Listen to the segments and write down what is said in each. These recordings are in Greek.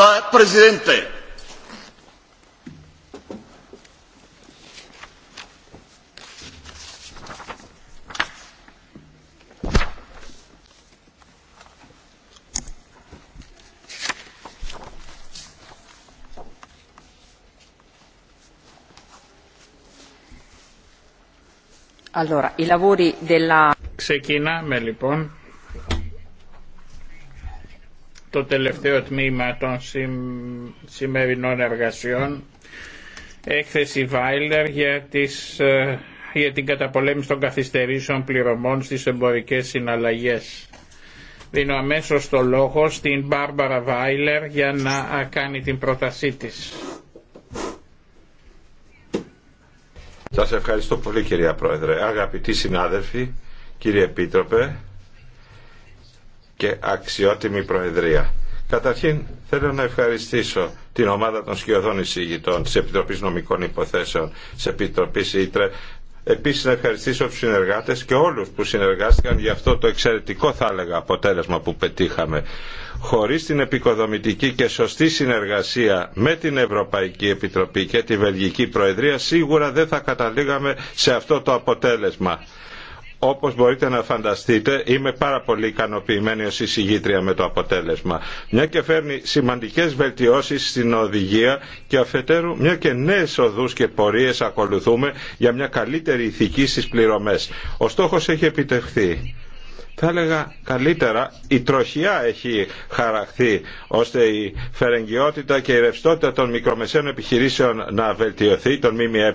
la Presidente. Allora, i lavori della... Ξεκινάμε λοιπόν το τελευταίο τμήμα των σημερινών εργασιών έκθεση Βάιλερ ε, για, την καταπολέμηση των καθυστερήσεων πληρωμών στις εμπορικές συναλλαγές. Δίνω αμέσω το λόγο στην Μπάρμπαρα Βάιλερ για να κάνει την πρότασή της. Σας ευχαριστώ πολύ κυρία Πρόεδρε. Αγαπητοί συνάδελφοι, κύριε Επίτροπε, και αξιότιμη Προεδρία. Καταρχήν θέλω να ευχαριστήσω την ομάδα των σκιωδών εισηγητών της Επιτροπής Νομικών Υποθέσεων, της Επιτροπής Ήτρε, Επίσης να ευχαριστήσω τους συνεργάτες και όλους που συνεργάστηκαν για αυτό το εξαιρετικό θα έλεγα αποτέλεσμα που πετύχαμε. Χωρίς την επικοδομητική και σωστή συνεργασία με την Ευρωπαϊκή Επιτροπή και τη Βελγική Προεδρία σίγουρα δεν θα καταλήγαμε σε αυτό το αποτέλεσμα όπως μπορείτε να φανταστείτε είμαι πάρα πολύ ικανοποιημένη ως εισηγήτρια με το αποτέλεσμα. Μια και φέρνει σημαντικές βελτιώσεις στην οδηγία και αφετέρου μια και νέες οδούς και πορείες ακολουθούμε για μια καλύτερη ηθική στις πληρωμές. Ο στόχος έχει επιτευχθεί θα έλεγα καλύτερα η τροχιά έχει χαραχθεί ώστε η φερεγγιότητα και η ρευστότητα των μικρομεσαίων επιχειρήσεων να βελτιωθεί των ΜΜΕ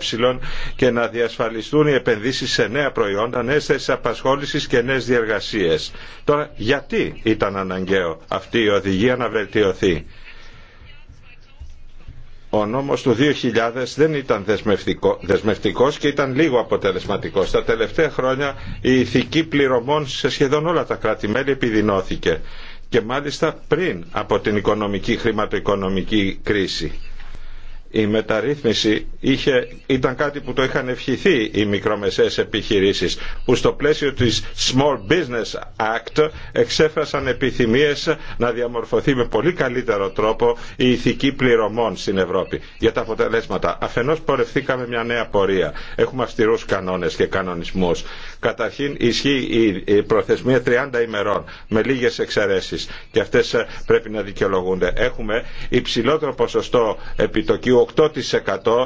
και να διασφαλιστούν οι επενδύσεις σε νέα προϊόντα, νέες θέσεις απασχόλησης και νέες διεργασίες. Τώρα γιατί ήταν αναγκαίο αυτή η οδηγία να βελτιωθεί. Ο νόμος του 2000 δεν ήταν δεσμευτικό, δεσμευτικός και ήταν λίγο αποτελεσματικός. Τα τελευταία χρόνια η ηθική πληρωμών σε σχεδόν όλα τα κράτη-μέλη επιδεινώθηκε και μάλιστα πριν από την οικονομική χρηματοοικονομική κρίση η μεταρρύθμιση είχε, ήταν κάτι που το είχαν ευχηθεί οι μικρομεσαίες επιχειρήσεις που στο πλαίσιο της Small Business Act εξέφρασαν επιθυμίες να διαμορφωθεί με πολύ καλύτερο τρόπο η ηθική πληρωμών στην Ευρώπη για τα αποτελέσματα. Αφενός πορευθήκαμε μια νέα πορεία. Έχουμε αυστηρούς κανόνες και κανονισμούς. Καταρχήν ισχύει η προθεσμία 30 ημερών με λίγες εξαιρέσεις και αυτές πρέπει να δικαιολογούνται. Έχουμε υψηλότερο ποσοστό επιτοκίου 8%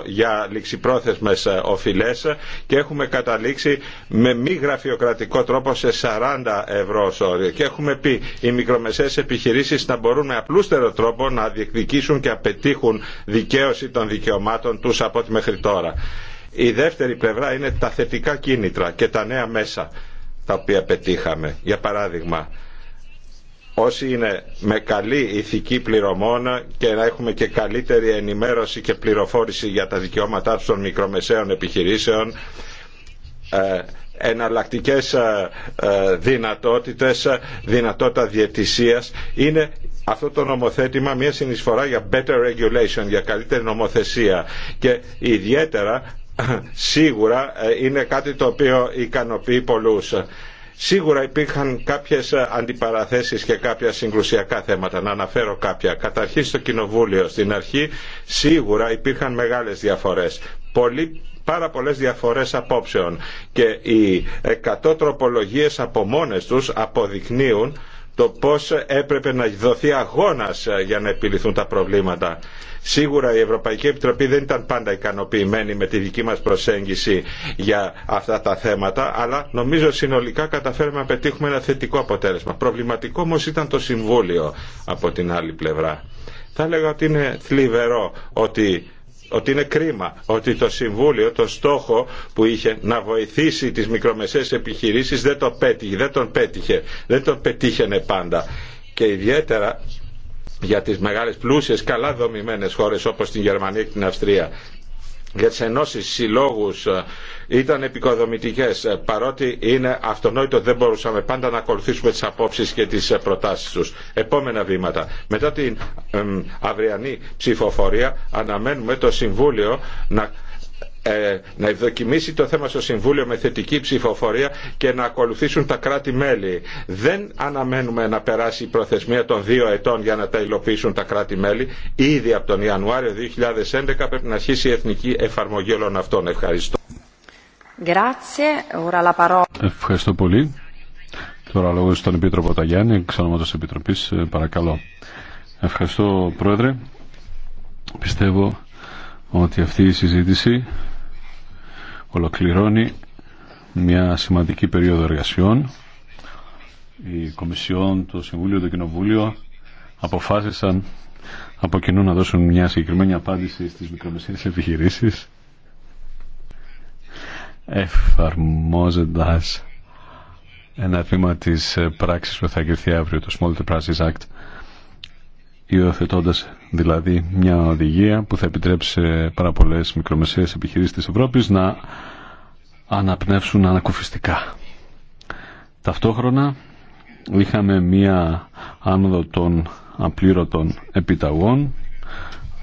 για ληξιπρόθεσμες ε, οφειλές και έχουμε καταλήξει με μη γραφειοκρατικό τρόπο σε 40 ευρώ όριο. Και έχουμε πει οι μικρομεσαίες επιχειρήσεις να μπορούν με απλούστερο τρόπο να διεκδικήσουν και απαιτήχουν δικαίωση των δικαιωμάτων τους από ό,τι μέχρι τώρα. Η δεύτερη πλευρά είναι τα θετικά κίνητρα και τα νέα μέσα τα οποία πετύχαμε. Για παράδειγμα, όσοι είναι με καλή ηθική πληρωμόνα και να έχουμε και καλύτερη ενημέρωση και πληροφόρηση για τα δικαιώματά τους των μικρομεσαίων επιχειρήσεων ε, εναλλακτικές ε, ε, δυνατότητες, δυνατότητα διαιτησίας είναι αυτό το νομοθέτημα μια συνεισφορά για better regulation, για καλύτερη νομοθεσία και ιδιαίτερα σίγουρα είναι κάτι το οποίο ικανοποιεί πολλούς. Σίγουρα υπήρχαν κάποιες ε, αντιπαραθέσεις και κάποια συγκρουσιακά θέματα. Να αναφέρω κάποια. Καταρχήν στο Κοινοβούλιο, στην αρχή, σίγουρα υπήρχαν μεγάλες διαφορές. Πολύ πάρα πολλές διαφορές απόψεων και οι 100 τροπολογίες από μόνες τους αποδεικνύουν το πώς έπρεπε να δοθεί αγώνας ε, για να επιληθούν τα προβλήματα. Σίγουρα η Ευρωπαϊκή Επιτροπή δεν ήταν πάντα ικανοποιημένη με τη δική μας προσέγγιση για αυτά τα θέματα, αλλά νομίζω συνολικά καταφέρουμε να πετύχουμε ένα θετικό αποτέλεσμα. Προβληματικό όμως ήταν το Συμβούλιο από την άλλη πλευρά. Θα έλεγα ότι είναι θλιβερό ότι ότι είναι κρίμα ότι το Συμβούλιο το στόχο που είχε να βοηθήσει τις μικρομεσαίες επιχειρήσεις δεν, το πέτυχε, δεν τον πέτυχε, δεν τον πετύχαινε πάντα. Και ιδιαίτερα για τις μεγάλες πλούσιες καλά δομημένες χώρες όπως την Γερμανία και την Αυστρία για τις ενώσεις συλλόγους ε, ήταν επικοδομητικές ε, παρότι είναι αυτονόητο δεν μπορούσαμε πάντα να ακολουθήσουμε τις απόψεις και τις ε, προτάσεις τους. Επόμενα βήματα. Μετά την αυριανή ψηφοφορία αναμένουμε το Συμβούλιο να ε, να ευδοκιμήσει το θέμα στο Συμβούλιο με θετική ψηφοφορία και να ακολουθήσουν τα κράτη-μέλη. Δεν αναμένουμε να περάσει η προθεσμία των δύο ετών για να τα υλοποιήσουν τα κράτη-μέλη. Ήδη από τον Ιανουάριο 2011 πρέπει να αρχίσει η εθνική εφαρμογή όλων αυτών. Ευχαριστώ. Ευχαριστώ πολύ. Τώρα λόγω στον Επίτροπο Ταγιάννη, ε, παρακαλώ. Ευχαριστώ Πρόεδρε. Πιστεύω ότι αυτή η συζήτηση ολοκληρώνει μια σημαντική περίοδο εργασιών. Η Κομισιόν, το Συμβούλιο, το Κοινοβούλιο αποφάσισαν από κοινού να δώσουν μια συγκεκριμένη απάντηση στις μικρομεσαίες επιχειρήσεις εφαρμόζοντας ένα τμήμα της πράξης που θα εγκριθεί αύριο το Small Enterprises Act υιοθετώντα δηλαδή μια οδηγία που θα επιτρέψει σε πάρα πολλέ μικρομεσαίε επιχειρήσει τη Ευρώπη να αναπνεύσουν ανακουφιστικά. Ταυτόχρονα είχαμε μία άνοδο των απλήρωτων επιταγών,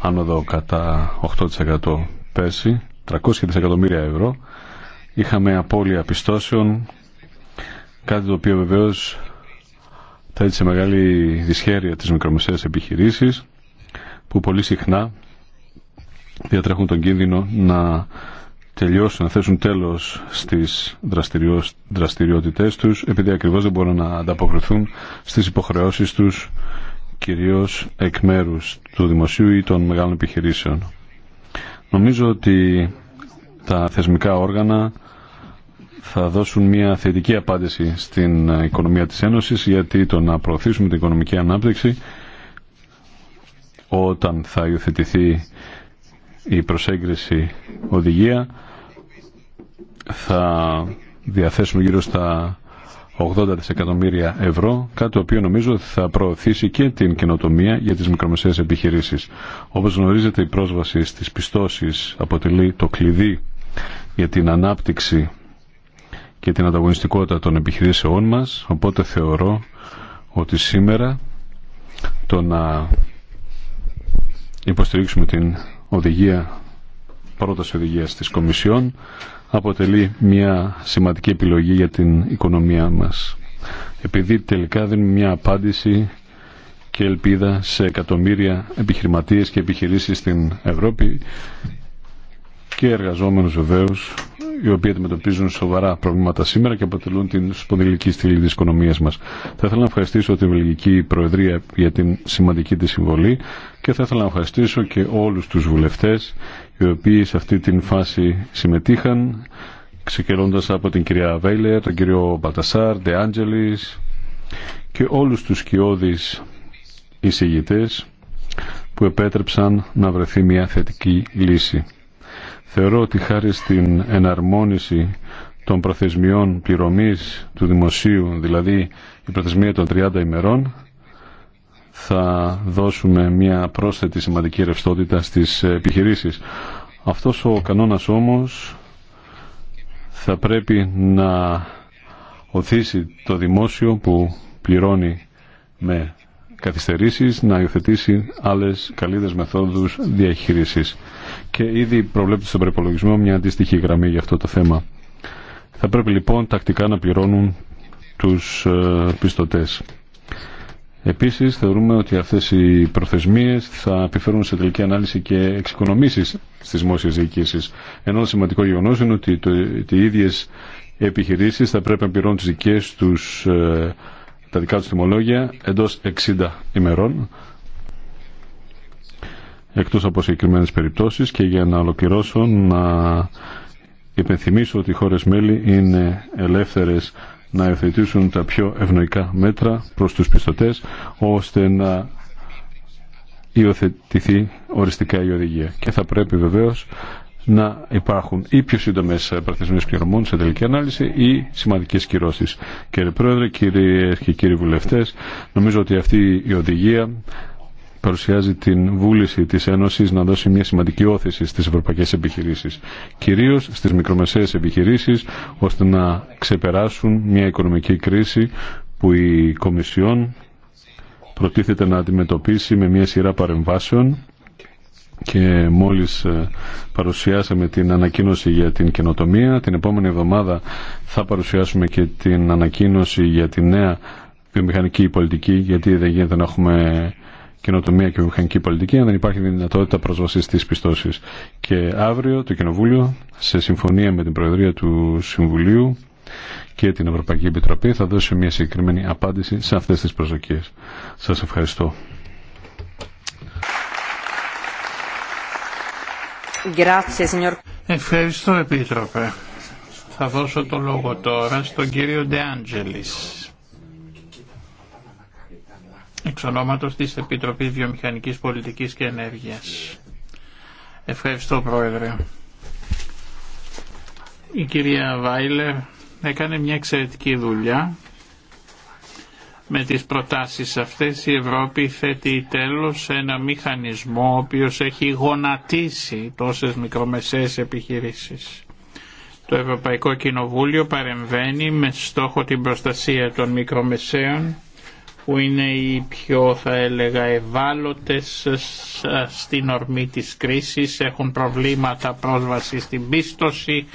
άνοδο κατά 8% πέρσι, 300 δισεκατομμύρια ευρώ. Είχαμε απώλεια πιστώσεων, κάτι το οποίο βεβαίως θα έτσι μεγάλη δυσχέρεια τις μικρομεσαίες επιχειρήσεις που πολύ συχνά διατρέχουν τον κίνδυνο να τελειώσουν, να θέσουν τέλος στις δραστηριότητές τους επειδή ακριβώς δεν μπορούν να ανταποκριθούν στις υποχρεώσεις τους κυρίως εκ μέρου του δημοσίου ή των μεγάλων επιχειρήσεων. Νομίζω ότι τα θεσμικά όργανα θα δώσουν μια θετική απάντηση στην οικονομία της Ένωσης γιατί το να προωθήσουμε την οικονομική ανάπτυξη όταν θα υιοθετηθεί η προσέγγιση οδηγία θα διαθέσουμε γύρω στα 80 δισεκατομμύρια ευρώ, κάτι το οποίο νομίζω θα προωθήσει και την καινοτομία για τις μικρομεσαίες επιχειρήσεις. Όπως γνωρίζετε η πρόσβαση στις πιστώσεις αποτελεί το κλειδί για την ανάπτυξη και την ανταγωνιστικότητα των επιχειρήσεών μας, οπότε θεωρώ ότι σήμερα το να υποστηρίξουμε την οδηγία, πρόταση οδηγίας της Κομισιόν αποτελεί μια σημαντική επιλογή για την οικονομία μας. Επειδή τελικά δίνουμε μια απάντηση και ελπίδα σε εκατομμύρια επιχειρηματίες και επιχειρήσεις στην Ευρώπη και εργαζόμενους βεβαίως οι οποίοι αντιμετωπίζουν σοβαρά προβλήματα σήμερα και αποτελούν την σπονδυλική στήλη τη οικονομία μα. Θα ήθελα να ευχαριστήσω την Βελγική Προεδρία για την σημαντική τη συμβολή και θα ήθελα να ευχαριστήσω και όλου του βουλευτέ οι οποίοι σε αυτή την φάση συμμετείχαν ξεκινώντα από την κυρία Βέιλερ, τον κύριο Μπατασάρ, Ντε Άντζελης και όλου του κοιόδης εισηγητέ που επέτρεψαν να βρεθεί μια θετική λύση. Θεωρώ ότι χάρη στην εναρμόνιση των προθεσμιών πληρωμής του δημοσίου, δηλαδή η προθεσμία των 30 ημερών, θα δώσουμε μια πρόσθετη σημαντική ρευστότητα στις επιχειρήσεις. Αυτός ο κανόνας όμως θα πρέπει να οθήσει το δημόσιο που πληρώνει με καθυστερήσεις να υιοθετήσει άλλες καλύτερες μεθόδους διαχείρισης και ήδη προβλέπεται στον προπολογισμό μια αντίστοιχη γραμμή για αυτό το θέμα. Θα πρέπει λοιπόν τακτικά να πληρώνουν τους ε, πιστωτές. Επίσης θεωρούμε ότι αυτές οι προθεσμίες θα επιφέρουν σε τελική ανάλυση και εξοικονομήσεις στις δημόσιε διοικήσεις. Ένα σημαντικό γεγονό είναι ότι το, οι ίδιες επιχειρήσεις θα πρέπει να πληρώνουν τις δικές τους, ε, τα δικά τους τιμολόγια εντός 60 ημερών εκτός από συγκεκριμένε περιπτώσεις και για να ολοκληρώσω να υπενθυμίσω ότι οι χώρες μέλη είναι ελεύθερες να υιοθετήσουν τα πιο ευνοϊκά μέτρα προς τους πιστωτές ώστε να υιοθετηθεί οριστικά η οδηγία. Και θα πρέπει βεβαίως να υπάρχουν ή πιο σύντομε πρακτισμένε πληρωμών σε τελική ανάλυση ή σημαντικέ κυρώσει. Κύριε Πρόεδρε, κύριε και κύριοι βουλευτέ, νομίζω ότι αυτή η οδηγία παρουσιάζει την βούληση της Ένωσης να δώσει μια σημαντική όθηση στις ευρωπαϊκές επιχειρήσεις, κυρίως στις μικρομεσαίες επιχειρήσεις, ώστε να ξεπεράσουν μια οικονομική κρίση που η Κομισιόν προτίθεται να αντιμετωπίσει με μια σειρά παρεμβάσεων και μόλις ε, παρουσιάσαμε την ανακοίνωση για την καινοτομία. Την επόμενη εβδομάδα θα παρουσιάσουμε και την ανακοίνωση για τη νέα βιομηχανική πολιτική γιατί δεν γίνεται να έχουμε καινοτομία και βιομηχανική πολιτική αν δεν υπάρχει δυνατότητα πρόσβαση στι πιστώσει. Και αύριο το Κοινοβούλιο, σε συμφωνία με την Προεδρία του Συμβουλίου και την Ευρωπαϊκή Επιτροπή, θα δώσει μια συγκεκριμένη απάντηση σε αυτέ τι προσδοκίε. Σα ευχαριστώ. Ευχαριστώ Επίτροπε. Θα δώσω το λόγο τώρα στον κύριο Ντεάντζελη εξ ονόματος της Επιτροπής Βιομηχανικής Πολιτικής και Ενέργειας. Ευχαριστώ Πρόεδρε. Η κυρία Βάιλερ έκανε μια εξαιρετική δουλειά. Με τις προτάσεις αυτές η Ευρώπη θέτει τέλος σε ένα μηχανισμό ο οποίος έχει γονατίσει τόσες μικρομεσαίες επιχειρήσεις. Το Ευρωπαϊκό Κοινοβούλιο παρεμβαίνει με στόχο την προστασία των μικρομεσαίων που είναι οι πιο θα έλεγα ευάλωτες στην ορμή της κρίσης, έχουν προβλήματα πρόσβαση στην πίστοση,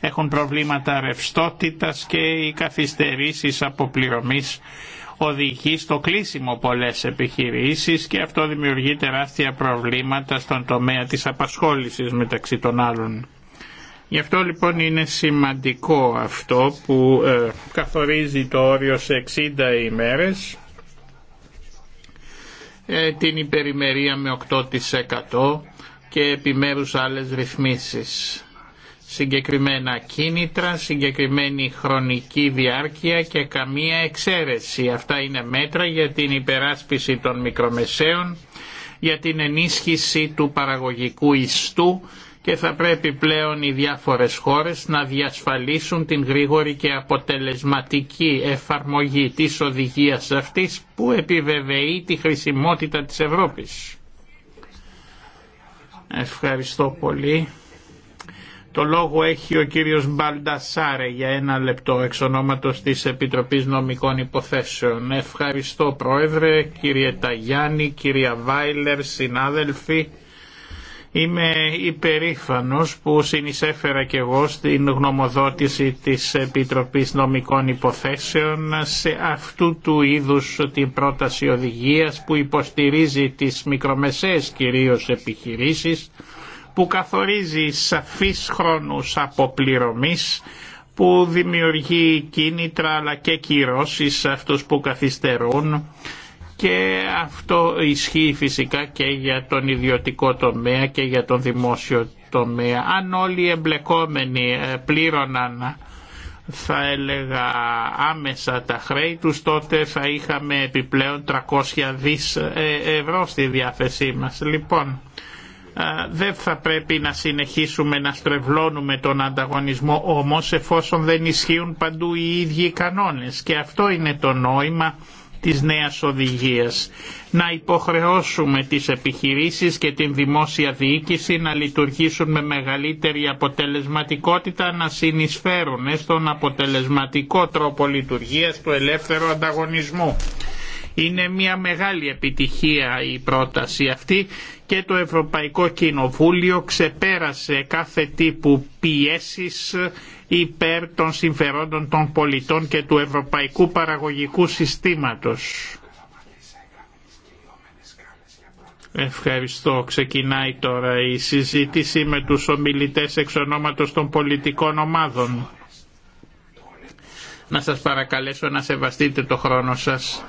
έχουν προβλήματα ρευστότητας και οι καθυστερήσεις αποπληρωμής οδηγεί στο κλείσιμο πολλές επιχειρήσεις και αυτό δημιουργεί τεράστια προβλήματα στον τομέα της απασχόλησης μεταξύ των άλλων. Γι' αυτό λοιπόν είναι σημαντικό αυτό που ε, καθορίζει το όριο σε 60 ημέρες ε, την υπερημερία με 8% και επιμέρους άλλες ρυθμίσεις. Συγκεκριμένα κίνητρα, συγκεκριμένη χρονική διάρκεια και καμία εξαίρεση. Αυτά είναι μέτρα για την υπεράσπιση των μικρομεσαίων, για την ενίσχυση του παραγωγικού ιστού και θα πρέπει πλέον οι διάφορες χώρες να διασφαλίσουν την γρήγορη και αποτελεσματική εφαρμογή της οδηγίας αυτής που επιβεβαιεί τη χρησιμότητα της Ευρώπης. Ευχαριστώ πολύ. Το λόγο έχει ο κύριος Μπαλντασάρε για ένα λεπτό εξ ονόματος της Επιτροπής Νομικών Υποθέσεων. Ευχαριστώ Πρόεδρε, κύριε Ταγιάννη, κυρία Βάιλερ, συνάδελφοι. Είμαι υπερήφανος που συνεισέφερα και εγώ στην γνωμοδότηση της Επιτροπής Νομικών Υποθέσεων σε αυτού του είδους την πρόταση οδηγίας που υποστηρίζει τις μικρομεσαίες κυρίως επιχειρήσεις που καθορίζει σαφείς χρόνους αποπληρωμής που δημιουργεί κίνητρα αλλά και κυρώσεις σε αυτούς που καθυστερούν και αυτό ισχύει φυσικά και για τον ιδιωτικό τομέα και για τον δημόσιο τομέα. Αν όλοι οι εμπλεκόμενοι ε, πλήρωναν θα έλεγα άμεσα τα χρέη τους τότε θα είχαμε επιπλέον 300 δις ε, ευρώ στη διάθεσή μας. Λοιπόν, ε, δεν θα πρέπει να συνεχίσουμε να στρεβλώνουμε τον ανταγωνισμό όμως εφόσον δεν ισχύουν παντού οι ίδιοι κανόνες και αυτό είναι το νόημα της νέας οδηγίας. Να υποχρεώσουμε τις επιχειρήσεις και την δημόσια διοίκηση να λειτουργήσουν με μεγαλύτερη αποτελεσματικότητα, να συνεισφέρουν στον αποτελεσματικό τρόπο λειτουργίας του ελεύθερου ανταγωνισμού είναι μια μεγάλη επιτυχία η πρόταση αυτή και το Ευρωπαϊκό Κοινοβούλιο ξεπέρασε κάθε τύπου πιέσεις υπέρ των συμφερόντων των πολιτών και του ευρωπαϊκού παραγωγικού συστήματος. Ευχαριστώ. Ξεκινάει τώρα η συζήτηση με τους ομιλητές εξ των πολιτικών ομάδων να σας παρακαλέσω να σεβαστείτε το χρόνο σας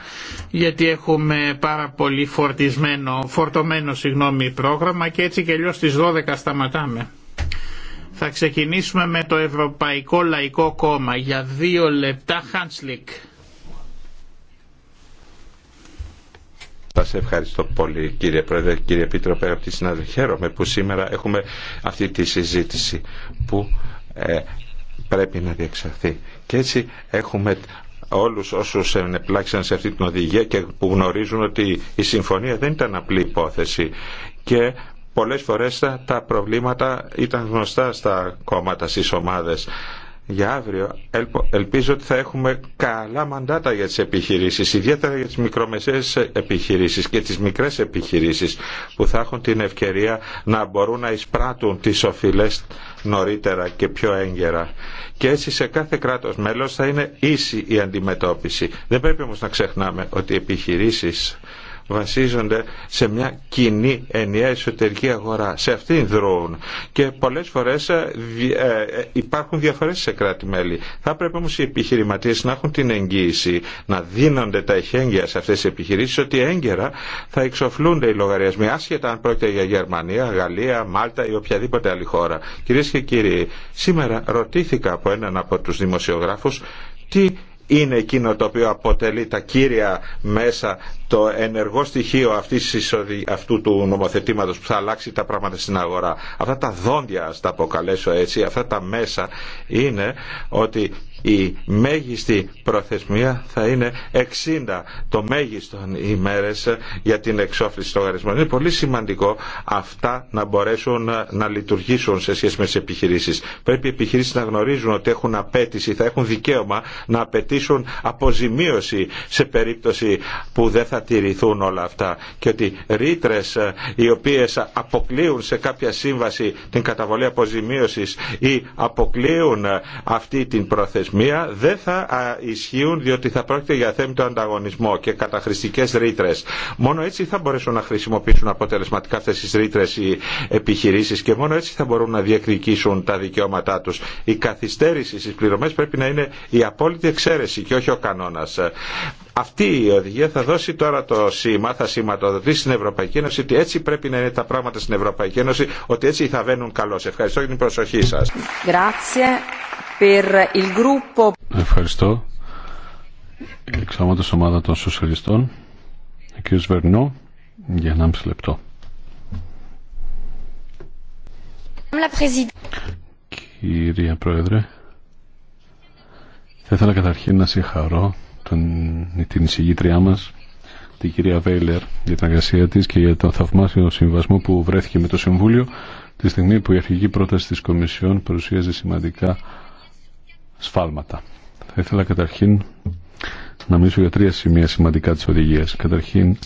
γιατί έχουμε πάρα πολύ φορτισμένο, φορτωμένο συγγνώμη, πρόγραμμα και έτσι και αλλιώς στις 12 σταματάμε. Θα ξεκινήσουμε με το Ευρωπαϊκό Λαϊκό Κόμμα για δύο λεπτά Χάνσλικ. Σα ευχαριστώ πολύ κύριε Πρόεδρε, κύριε Επίτροπε, τη συνάδελφη. Χαίρομαι που σήμερα έχουμε αυτή τη συζήτηση που ε, πρέπει να διεξαχθεί και έτσι έχουμε όλους όσους ενεπλάξαν σε αυτή την οδηγία και που γνωρίζουν ότι η συμφωνία δεν ήταν απλή υπόθεση και πολλές φορές τα προβλήματα ήταν γνωστά στα κόμματα, στις ομάδες για αύριο ελπίζω ότι θα έχουμε καλά μαντάτα για τις επιχειρήσεις, ιδιαίτερα για τις μικρομεσαίες επιχειρήσεις και τις μικρές επιχειρήσεις που θα έχουν την ευκαιρία να μπορούν να εισπράττουν τις οφειλές νωρίτερα και πιο έγκαιρα. Και έτσι σε κάθε κράτος μέλος θα είναι ίση η αντιμετώπιση. Δεν πρέπει όμως να ξεχνάμε ότι οι επιχειρήσεις βασίζονται σε μια κοινή ενιαία εσωτερική αγορά. Σε αυτήν δρούν. Και πολλές φορές ε, ε, ε, υπάρχουν διαφορές σε κράτη-μέλη. Θα πρέπει όμως οι επιχειρηματίες να έχουν την εγγύηση, να δίνονται τα εχέγγυα σε αυτές τις επιχειρήσεις, ότι έγκαιρα θα εξοφλούνται οι λογαριασμοί, άσχετα αν πρόκειται για Γερμανία, Γαλλία, Μάλτα ή οποιαδήποτε άλλη χώρα. Κυρίες και κύριοι, σήμερα ρωτήθηκα από έναν από τους δημοσιογράφους τι είναι εκείνο το οποίο αποτελεί τα κύρια μέσα το ενεργό στοιχείο αυτής, αυτού του νομοθετήματος που θα αλλάξει τα πράγματα στην αγορά. Αυτά τα δόντια, ας τα αποκαλέσω έτσι, αυτά τα μέσα είναι ότι η μέγιστη προθεσμία θα είναι 60 το μέγιστο ημέρες για την εξόφληση των γαρισμών. Είναι πολύ σημαντικό αυτά να μπορέσουν να λειτουργήσουν σε σχέση με τις επιχειρήσεις. Πρέπει οι επιχειρήσεις να γνωρίζουν ότι έχουν απέτηση, θα έχουν δικαίωμα να απαιτήσουν αποζημίωση σε περίπτωση που δεν θα θα τηρηθούν όλα αυτά και ότι ρήτρε ε, οι οποίε αποκλείουν σε κάποια σύμβαση την καταβολή αποζημίωση ή αποκλείουν ε, αυτή την προθεσμία δεν θα ισχύουν διότι θα πρόκειται για θέμητο ανταγωνισμό και καταχρηστικέ ρήτρε. Μόνο έτσι θα μπορέσουν να χρησιμοποιήσουν αποτελεσματικά αυτέ τι ρήτρε οι επιχειρήσει και μόνο έτσι θα μπορούν να διεκδικήσουν τα δικαιώματά του. Η καθυστέρηση στι πληρωμέ πρέπει να είναι η απόλυτη εξαίρεση και όχι ο κανόνα. Αυτή η οδηγία θα δώσει το τώρα το σήμα θα σηματοδοτήσει στην Ευρωπαϊκή Ένωση ότι έτσι πρέπει να είναι τα πράγματα στην Ευρωπαϊκή Ένωση, ότι έτσι θα βαίνουν καλώ. Ευχαριστώ για την προσοχή σα. Ευχαριστώ. Εξάματο ομάδα των Σοσιαλιστών, ο κ. Βερνό, για 1,5 λεπτό. Κυρία Πρόεδρε, θα ήθελα καταρχήν να συγχαρώ τον, την εισηγήτριά μας την κυρία Βέιλερ για την εργασία τη και για τον θαυμάσιο συμβασμό που βρέθηκε με το Συμβούλιο τη στιγμή που η αρχική πρόταση τη Κομισιόν παρουσίαζε σημαντικά σφάλματα. Θα ήθελα καταρχήν να μιλήσω για τρία σημεία σημαντικά τη οδηγία. Καταρχήν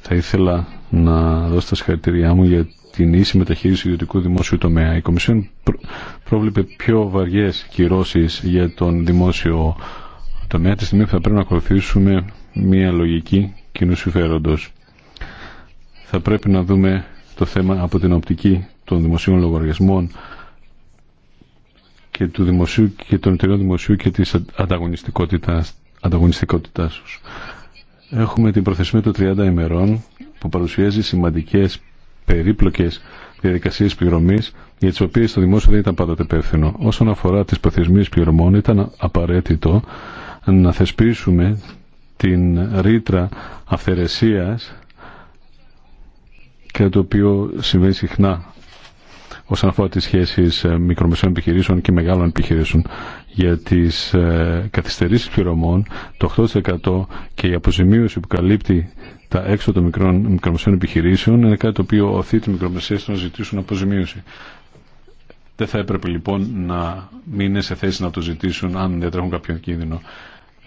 θα ήθελα να δώσω τα συγχαρητήριά μου για την ίση μεταχείριση ιδιωτικού δημόσιου τομέα. Η Κομισιόν πρόβλεπε πιο βαριέ κυρώσει για τον δημόσιο τομέα τη στιγμή που θα πρέπει να ακολουθήσουμε μια λογική κοινού Θα πρέπει να δούμε το θέμα από την οπτική των δημοσίων λογαριασμών και, του δημοσίου, και των εταιριών δημοσίου και της ανταγωνιστικότητας, ανταγωνιστικότητάς τους. Έχουμε την προθεσμία των 30 ημερών που παρουσιάζει σημαντικές περίπλοκες διαδικασίε πληρωμής για τις οποίες το δημόσιο δεν ήταν πάντοτε υπεύθυνο. Όσον αφορά τι προθεσμίες πληρωμών ήταν απαραίτητο να θεσπίσουμε την ρήτρα αυθαιρεσίας και το οποίο συμβαίνει συχνά όσον αφορά τις σχέσεις ε, μικρομεσαίων επιχειρήσεων και μεγάλων επιχειρήσεων για τις ε, καθυστερήσεις πληρωμών το 8% και η αποζημίωση που καλύπτει τα έξω των μικρών, μικρομεσαίων επιχειρήσεων είναι κάτι το οποίο οθεί τις μικρομεσαίες να ζητήσουν αποζημίωση. Δεν θα έπρεπε λοιπόν να μην σε θέση να το ζητήσουν αν δεν τρέχουν κάποιο κίνδυνο.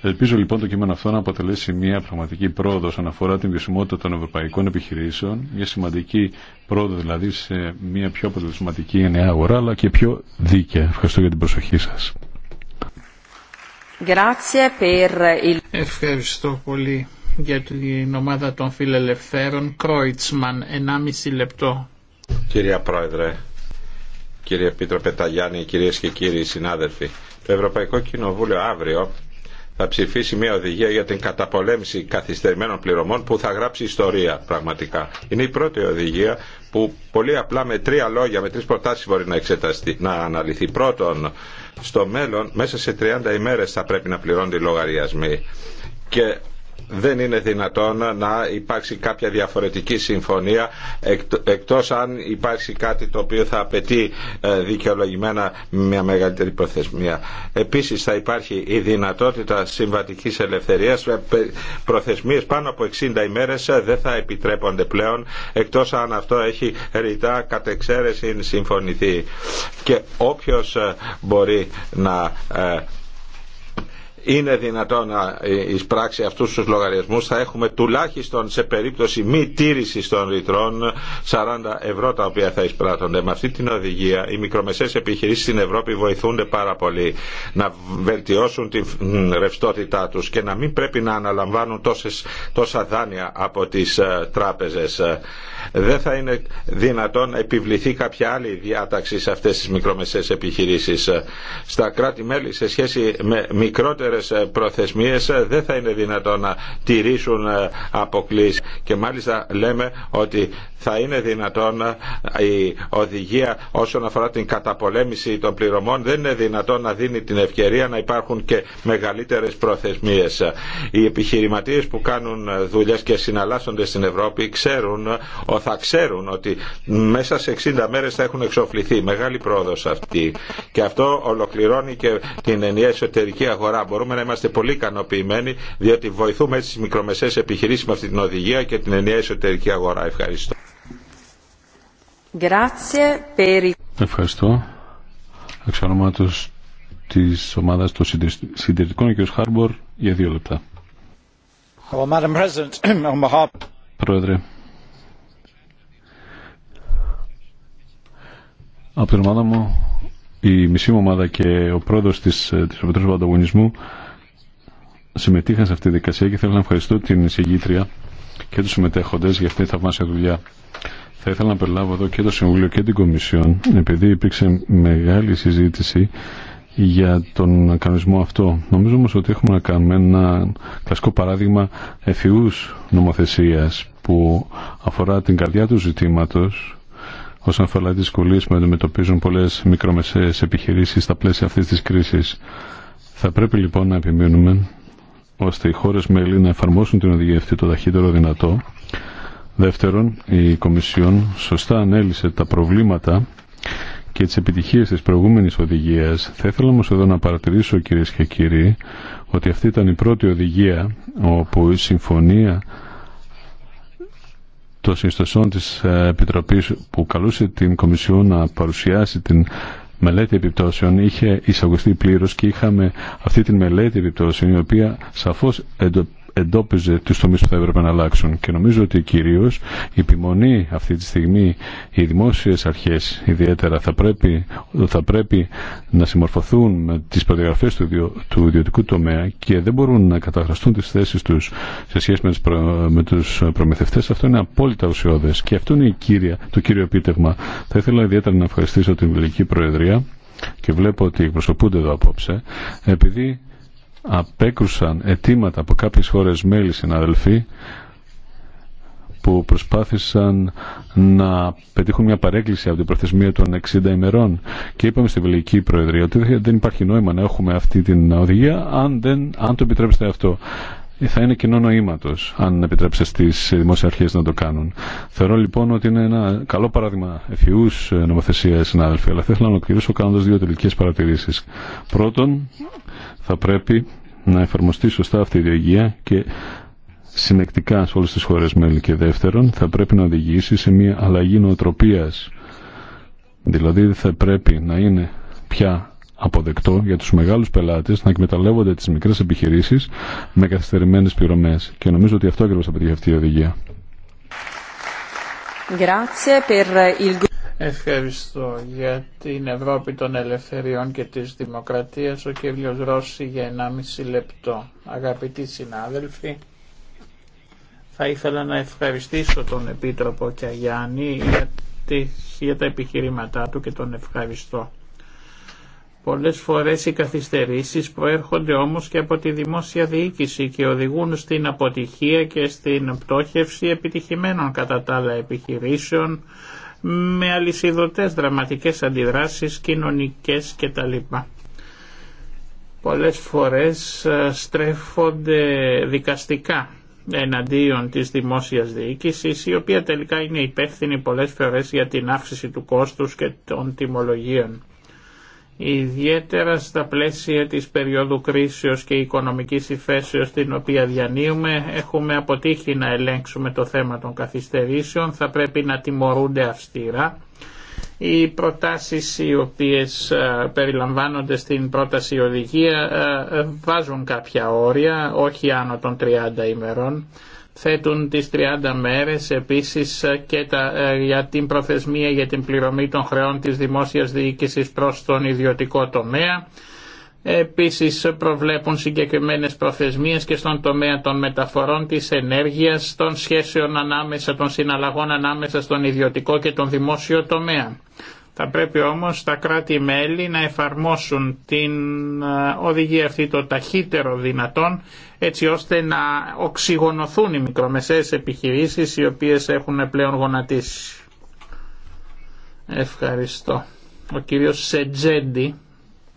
Ελπίζω λοιπόν το κείμενο αυτό να αποτελέσει μια πραγματική πρόοδο όσον αφορά την βιωσιμότητα των ευρωπαϊκών επιχειρήσεων, μια σημαντική πρόοδο δηλαδή σε μια πιο αποτελεσματική νέα αγορά αλλά και πιο δίκαια. Ευχαριστώ για την προσοχή σα. Ευχαριστώ πολύ για την ομάδα των φιλελευθέρων Κρόιτσμαν, 1,5 λεπτό. Κυρία Πρόεδρε, κύριε Πίτρο Πεταγιάννη, κυρίες και κύριοι συνάδελφοι, το Ευρωπαϊκό Κοινοβούλιο αύριο θα ψηφίσει μια οδηγία για την καταπολέμηση καθυστερημένων πληρωμών που θα γράψει ιστορία πραγματικά. Είναι η πρώτη οδηγία που πολύ απλά με τρία λόγια, με τρεις προτάσεις μπορεί να εξεταστεί, να αναλυθεί. Πρώτον, στο μέλλον μέσα σε 30 ημέρες θα πρέπει να πληρώνει λογαριασμοί και δεν είναι δυνατόν να υπάρξει κάποια διαφορετική συμφωνία εκτός αν υπάρξει κάτι το οποίο θα απαιτεί ε, δικαιολογημένα μια μεγαλύτερη προθεσμία. Επίσης θα υπάρχει η δυνατότητα συμβατικής ελευθερίας ε, προθεσμίες πάνω από 60 ημέρες ε, δεν θα επιτρέπονται πλέον εκτός αν αυτό έχει ρητά κατεξαίρεση συμφωνηθεί και όποιος μπορεί να είναι δυνατόν να εισπράξει αυτούς τους λογαριασμούς θα έχουμε τουλάχιστον σε περίπτωση μη τήρησης των ρητρών 40 ευρώ τα οποία θα εισπράττονται. Με αυτή την οδηγία οι μικρομεσαίες επιχειρήσεις στην Ευρώπη βοηθούνται πάρα πολύ να βελτιώσουν τη ρευστότητά τους και να μην πρέπει να αναλαμβάνουν τόσες, τόσα δάνεια από τις ε, τράπεζες. Δεν θα είναι δυνατόν να επιβληθεί κάποια άλλη διάταξη σε αυτές τις μικρομεσαίες επιχειρήσεις. Στα κράτη-μέλη σε σχέση με ανώτερες ε, προθεσμίες ε, δεν θα είναι δυνατόν να τηρήσουν ε, αποκλείς και μάλιστα λέμε ότι θα είναι δυνατόν η οδηγία όσον αφορά την καταπολέμηση των πληρωμών δεν είναι δυνατόν να δίνει την ευκαιρία να υπάρχουν και μεγαλύτερες προθεσμίες. Οι επιχειρηματίες που κάνουν δουλειές και συναλλάσσονται στην Ευρώπη ξέρουν, θα ξέρουν ότι μέσα σε 60 μέρες θα έχουν εξοφληθεί. Μεγάλη πρόοδο αυτή. Και αυτό ολοκληρώνει και την ενιαία εσωτερική αγορά μπορούμε να είμαστε πολύ ικανοποιημένοι, διότι βοηθούμε έτσι τι μικρομεσαίε επιχειρήσει με αυτή την οδηγία και την ενιαία εσωτερική αγορά. Ευχαριστώ. Ευχαριστώ. Εξ ονόματο της ομάδα των συντηρητικών, κ. Χάρμπορ, για δύο λεπτά. Πρόεδρε, από την ομάδα μου η μισή μου ομάδα και ο πρόεδρος της, ε, της Επιτροπής του Ανταγωνισμού συμμετείχαν σε αυτή τη δικασία και θέλω να ευχαριστώ την εισηγήτρια και τους συμμετέχοντες για αυτή τη θαυμάσια δουλειά. Θα ήθελα να περιλάβω εδώ και το Συμβούλιο και την Κομισιόν επειδή υπήρξε μεγάλη συζήτηση για τον κανονισμό αυτό. Νομίζω όμως ότι έχουμε να κάνουμε ένα κλασικό παράδειγμα εφιούς νομοθεσίας που αφορά την καρδιά του ζητήματος όσον αφορά δυσκολίες που αντιμετωπίζουν πολλέ μικρομεσαίε επιχειρήσει στα πλαίσια αυτή τη κρίση. Θα πρέπει λοιπόν να επιμείνουμε ώστε οι χώρε μέλη να εφαρμόσουν την οδηγία αυτή το ταχύτερο δυνατό. Δεύτερον, η Κομισιόν σωστά ανέλησε τα προβλήματα και τι επιτυχίε τη προηγούμενη οδηγία. Θα ήθελα όμω εδώ να παρατηρήσω κύριε και κύριοι ότι αυτή ήταν η πρώτη οδηγία όπου η συμφωνία των συστοσών της ε, Επιτροπής που καλούσε την Κομισιόν να παρουσιάσει την μελέτη επιπτώσεων είχε εισαγωστεί πλήρως και είχαμε αυτή την μελέτη επιπτώσεων η οποία σαφώς εντοπίζει εντόπιζε τους τομείς που θα έπρεπε να αλλάξουν και νομίζω ότι κυρίως η επιμονή αυτή τη στιγμή οι δημόσιες αρχές ιδιαίτερα θα πρέπει, θα πρέπει να συμμορφωθούν με τις προδιαγραφές του, του ιδιωτικού τομέα και δεν μπορούν να καταχραστούν τις θέσεις τους σε σχέση με τους, προ, προμηθευτές αυτό είναι απόλυτα ουσιώδες και αυτό είναι η κύρια, το κύριο επίτευγμα θα ήθελα ιδιαίτερα να ευχαριστήσω την Βελική Προεδρία και βλέπω ότι εκπροσωπούνται εδώ απόψε, επειδή απέκρουσαν αιτήματα από κάποιες χώρες μέλη συναδελφοί που προσπάθησαν να πετύχουν μια παρέκκληση από την προθεσμία των 60 ημερών και είπαμε στη Βελγική Προεδρία ότι δεν υπάρχει νόημα να έχουμε αυτή την οδηγία αν, δεν, αν το επιτρέψετε αυτό θα είναι κοινό νοήματο, αν επιτρέψει στι δημόσιε αρχέ να το κάνουν. Θεωρώ λοιπόν ότι είναι ένα καλό παράδειγμα ευφυού ε, νομοθεσία, συνάδελφοι, αλλά θα ήθελα να ολοκληρώσω κάνοντα δύο τελικέ παρατηρήσει. Πρώτον, θα πρέπει να εφαρμοστεί σωστά αυτή η διαγεία και συνεκτικά σε όλε τι χώρε μέλη. Και δεύτερον, θα πρέπει να οδηγήσει σε μια αλλαγή νοοτροπία. Δηλαδή, θα πρέπει να είναι πια αποδεκτό για τους μεγάλους πελάτες να εκμεταλλεύονται τις μικρές επιχειρήσεις με καθυστερημένες πληρωμές. Και νομίζω ότι αυτό ακριβώς θα πετύχει αυτή η οδηγία. Ευχαριστώ για την Ευρώπη των Ελευθεριών και της Δημοκρατίας ο κύριος Ρώση για 1,5 λεπτό. Αγαπητοί συνάδελφοι, θα ήθελα να ευχαριστήσω τον Επίτροπο Κιαγιάννη για τα επιχειρήματά του και τον ευχαριστώ. Πολλές φορές οι καθυστερήσεις προέρχονται όμως και από τη δημόσια διοίκηση και οδηγούν στην αποτυχία και στην πτώχευση επιτυχημένων κατά τα άλλα επιχειρήσεων με αλυσιδωτές δραματικές αντιδράσεις κοινωνικές κτλ. Πολλές φορές ε, στρέφονται δικαστικά εναντίον της δημόσιας διοίκησης η οποία τελικά είναι υπεύθυνη πολλές φορές για την αύξηση του κόστους και των τιμολογίων ιδιαίτερα στα πλαίσια της περίοδου κρίσεως και οικονομικής υφέσεως την οποία διανύουμε έχουμε αποτύχει να ελέγξουμε το θέμα των καθυστερήσεων, θα πρέπει να τιμωρούνται αυστηρά. Οι προτάσεις οι οποίες περιλαμβάνονται στην πρόταση οδηγία βάζουν κάποια όρια, όχι άνω των 30 ημερών θέτουν τις 30 μέρες επίσης και τα, ε, για την προθεσμία για την πληρωμή των χρεών της δημόσιας διοίκησης προς τον ιδιωτικό τομέα. Επίσης προβλέπουν συγκεκριμένες προθεσμίες και στον τομέα των μεταφορών της ενέργειας, των σχέσεων ανάμεσα, των συναλλαγών ανάμεσα στον ιδιωτικό και τον δημόσιο τομέα. Θα πρέπει όμως τα κράτη-μέλη να εφαρμόσουν την ε, οδηγία αυτή το ταχύτερο δυνατόν έτσι ώστε να οξυγονωθούν οι μικρομεσαίες επιχειρήσεις οι οποίες έχουν πλέον γονατίσει. Ευχαριστώ. Ο κύριος Σετζέντι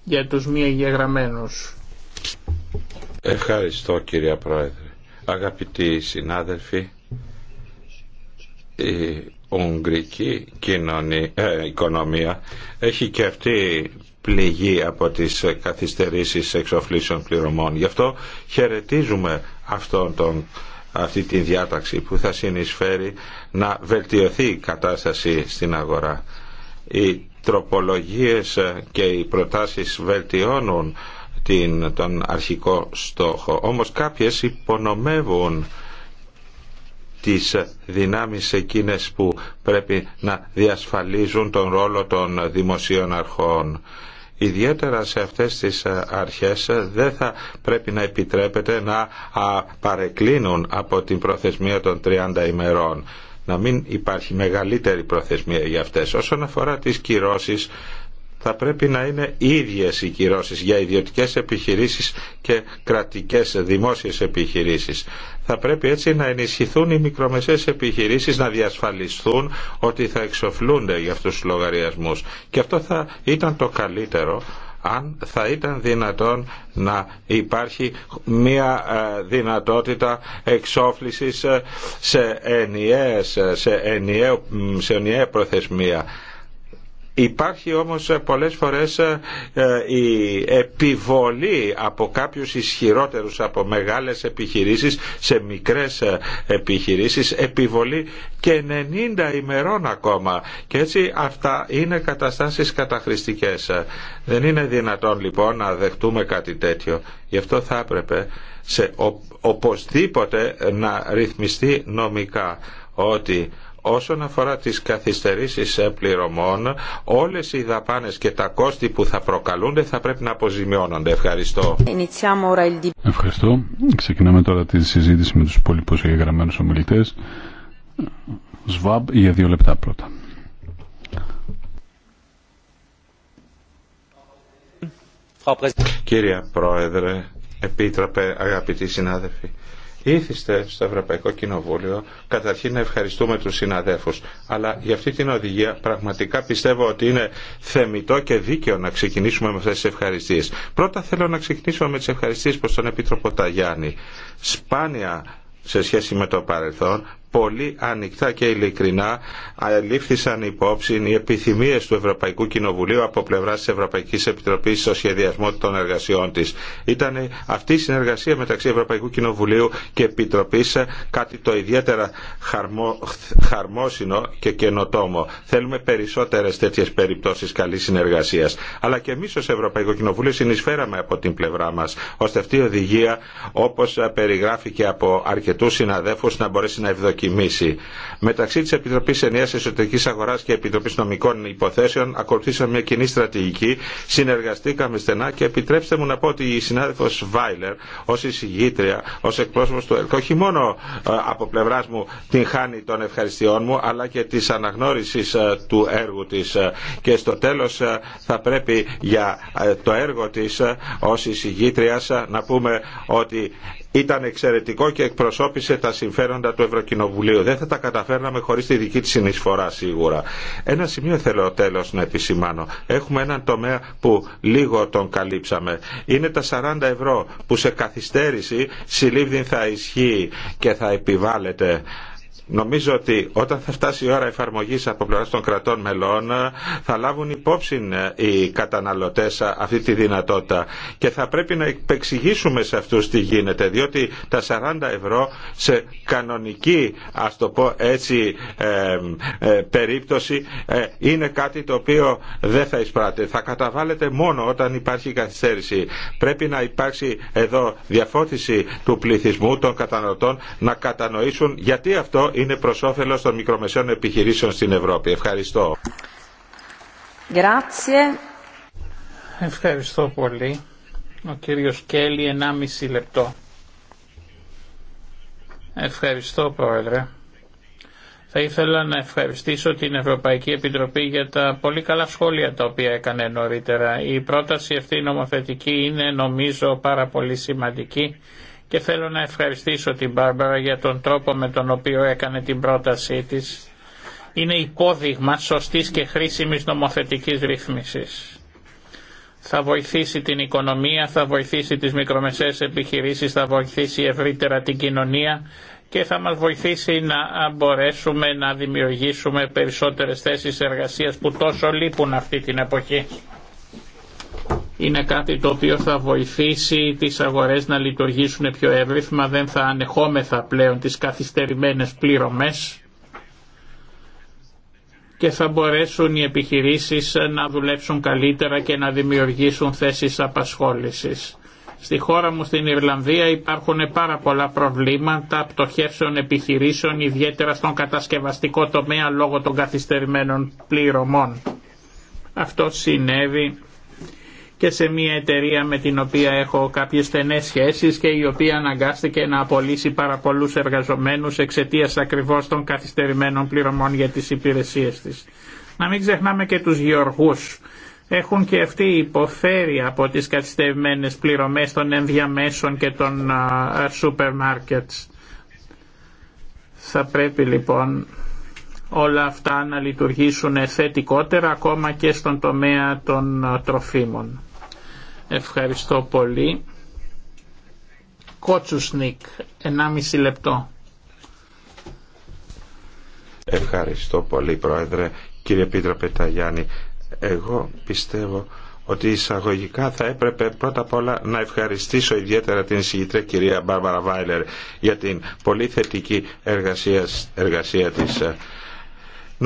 για τους μη εγγεγραμμένους. Ευχαριστώ κύριε Πρόεδρε. Αγαπητοί συνάδελφοι, ουγγρική κοινωνία, ε, οικονομία έχει και αυτή πληγή από τις καθυστερήσεις εξοφλήσεων πληρωμών. Γι' αυτό χαιρετίζουμε αυτόν τον αυτή τη διάταξη που θα συνεισφέρει να βελτιωθεί η κατάσταση στην αγορά. Οι τροπολογίες και οι προτάσεις βελτιώνουν την, τον αρχικό στόχο, όμως κάποιες υπονομεύουν τις δυνάμεις εκείνες που πρέπει να διασφαλίζουν τον ρόλο των δημοσίων αρχών. Ιδιαίτερα σε αυτές τις αρχές δεν θα πρέπει να επιτρέπεται να παρεκκλίνουν από την προθεσμία των 30 ημερών. Να μην υπάρχει μεγαλύτερη προθεσμία για αυτές. Όσον αφορά τις κυρώσεις, θα πρέπει να είναι ίδιες οι κυρώσεις για ιδιωτικές επιχειρήσεις και κρατικές δημόσιες επιχειρήσεις. Θα πρέπει έτσι να ενισχυθούν οι μικρομεσαίες επιχειρήσεις να διασφαλιστούν ότι θα εξοφλούνται για αυτούς τους λογαριασμούς. Και αυτό θα ήταν το καλύτερο αν θα ήταν δυνατόν να υπάρχει μια ε, δυνατότητα εξόφλησης ε, σε ε, σε, σε ενιαία προθεσμία. Υπάρχει όμως ε, πολλές φορές ε, ε, η επιβολή από κάποιους ισχυρότερους από μεγάλες επιχειρήσεις σε μικρές επιχειρήσεις επιβολή και 90 ημερών ακόμα και έτσι αυτά είναι καταστάσεις καταχρηστικές. Δεν είναι δυνατόν λοιπόν να δεχτούμε κάτι τέτοιο. Γι' αυτό θα έπρεπε σε οπωσδήποτε να ρυθμιστεί νομικά ότι όσον αφορά τις καθυστερήσεις ε, πληρωμών, όλες οι δαπάνες και τα κόστη που θα προκαλούνται θα πρέπει να αποζημιώνονται. Ευχαριστώ. Ευχαριστώ. Ξεκινάμε τώρα τη συζήτηση με τους υπόλοιπους εγγεγραμμένους ομιλητές. ΣΒΑΜ για δύο λεπτά πρώτα. Κύριε Πρόεδρε, Επίτροπε, αγαπητοί συνάδελφοι, ήθιστε στο Ευρωπαϊκό Κοινοβούλιο καταρχήν να ευχαριστούμε τους συναδέφους αλλά για αυτή την οδηγία πραγματικά πιστεύω ότι είναι θεμητό και δίκαιο να ξεκινήσουμε με αυτές τις ευχαριστίες. Πρώτα θέλω να ξεκινήσουμε με τις ευχαριστίες προς τον Επίτροπο Ταγιάννη. Σπάνια σε σχέση με το παρελθόν πολύ ανοιχτά και ειλικρινά λήφθησαν υπόψη οι επιθυμίε του Ευρωπαϊκού Κοινοβουλίου από πλευρά τη Ευρωπαϊκή Επιτροπή στο σχεδιασμό των εργασιών τη. Ήταν αυτή η συνεργασία μεταξύ Ευρωπαϊκού Κοινοβουλίου και Επιτροπή κάτι το ιδιαίτερα χαρμό, χαρμόσυνο και καινοτόμο. Θέλουμε περισσότερε τέτοιε περιπτώσει καλή συνεργασία. Αλλά και εμεί ω Ευρωπαϊκό Κοινοβούλιο συνεισφέραμε από την πλευρά μα, ώστε αυτή η οδηγία, όπω περιγράφηκε από αρκετού συναδέλφου, να μπορέσει να ευδοκιμήσει Μεταξύ τη Επιτροπή Ενιαία Εσωτερική Αγορά και Επιτροπή Νομικών Υποθέσεων ακολουθήσαμε μια κοινή στρατηγική, συνεργαστήκαμε στενά και επιτρέψτε μου να πω ότι η συνάδελφο Βάιλερ ω εισηγήτρια, ω εκπρόσωπο του ΕΛΚ, όχι μόνο ε, από πλευρά μου την χάνει των ευχαριστειών μου, αλλά και τη αναγνώριση ε, του έργου τη. Ε, και στο τέλο θα πρέπει για το έργο τη ω εισηγήτρια να πούμε ότι ήταν εξαιρετικό και εκπροσώπησε τα συμφέροντα του Ευρωκοινοβουλίου. Δεν θα τα καταφέρναμε χωρί τη δική τη συνεισφορά σίγουρα. Ένα σημείο θέλω τέλο να επισημάνω. Έχουμε έναν τομέα που λίγο τον καλύψαμε. Είναι τα 40 ευρώ που σε καθυστέρηση συλλήβδην θα ισχύει και θα επιβάλλεται. Νομίζω ότι όταν θα φτάσει η ώρα εφαρμογή από πλευρά των κρατών μελών θα λάβουν υπόψη ε, οι καταναλωτές ε, αυτή τη δυνατότητα και θα πρέπει να επεξηγήσουμε σε αυτού τι γίνεται διότι τα 40 ευρώ σε κανονική α το πω έτσι ε, περίπτωση είναι κάτι το οποίο δεν θα εισπράττει. Θα καταβάλλεται μόνο όταν υπάρχει καθυστέρηση. Πρέπει να υπάρξει εδώ διαφώτιση του πληθυσμού των καταναλωτών να κατανοήσουν γιατί αυτό είναι προ όφελο των μικρομεσαίων επιχειρήσεων στην Ευρώπη. Ευχαριστώ. Ευχαριστώ πολύ. Ο κύριος Κέλλη, 1,5 λεπτό. Ευχαριστώ, Πρόεδρε. Θα ήθελα να ευχαριστήσω την Ευρωπαϊκή Επιτροπή για τα πολύ καλά σχόλια τα οποία έκανε νωρίτερα. Η πρόταση αυτή νομοθετική είναι νομίζω πάρα πολύ σημαντική και θέλω να ευχαριστήσω την Μπάρμπαρα για τον τρόπο με τον οποίο έκανε την πρότασή της. Είναι υπόδειγμα σωστής και χρήσιμης νομοθετικής ρύθμισης. Θα βοηθήσει την οικονομία, θα βοηθήσει τις μικρομεσαίες επιχειρήσεις, θα βοηθήσει ευρύτερα την κοινωνία και θα μας βοηθήσει να μπορέσουμε να δημιουργήσουμε περισσότερες θέσεις εργασίας που τόσο λείπουν αυτή την εποχή είναι κάτι το οποίο θα βοηθήσει τις αγορές να λειτουργήσουν πιο εύρυθμα, δεν θα ανεχόμεθα πλέον τις καθυστερημένες πληρωμές και θα μπορέσουν οι επιχειρήσεις να δουλέψουν καλύτερα και να δημιουργήσουν θέσεις απασχόλησης. Στη χώρα μου στην Ιρλανδία υπάρχουν πάρα πολλά προβλήματα πτωχεύσεων επιχειρήσεων, ιδιαίτερα στον κατασκευαστικό τομέα λόγω των καθυστερημένων πληρωμών. Αυτό συνέβη και σε μια εταιρεία με την οποία έχω κάποιες στενές σχέσεις και η οποία αναγκάστηκε να απολύσει πάρα πολλούς εργαζομένους εξαιτίας ακριβώς των καθυστερημένων πληρωμών για τις υπηρεσίες της. Να μην ξεχνάμε και τους γεωργούς. Έχουν και αυτοί υποφέρει από τις καθυστερημένες πληρωμές των ενδιαμέσων και των σούπερ Θα πρέπει λοιπόν όλα αυτά να λειτουργήσουν θετικότερα ακόμα και στον τομέα των ε, τροφίμων. Ευχαριστώ πολύ. Κότσουσνικ, 1,5 λεπτό. Ευχαριστώ πολύ Πρόεδρε. Κύριε Πίτρο Πεταγιάννη, εγώ πιστεύω ότι εισαγωγικά θα έπρεπε πρώτα απ' όλα να ευχαριστήσω ιδιαίτερα την εισηγητρία κυρία Μπάρμπαρα Βάιλερ για την πολύ θετική εργασία, εργασία της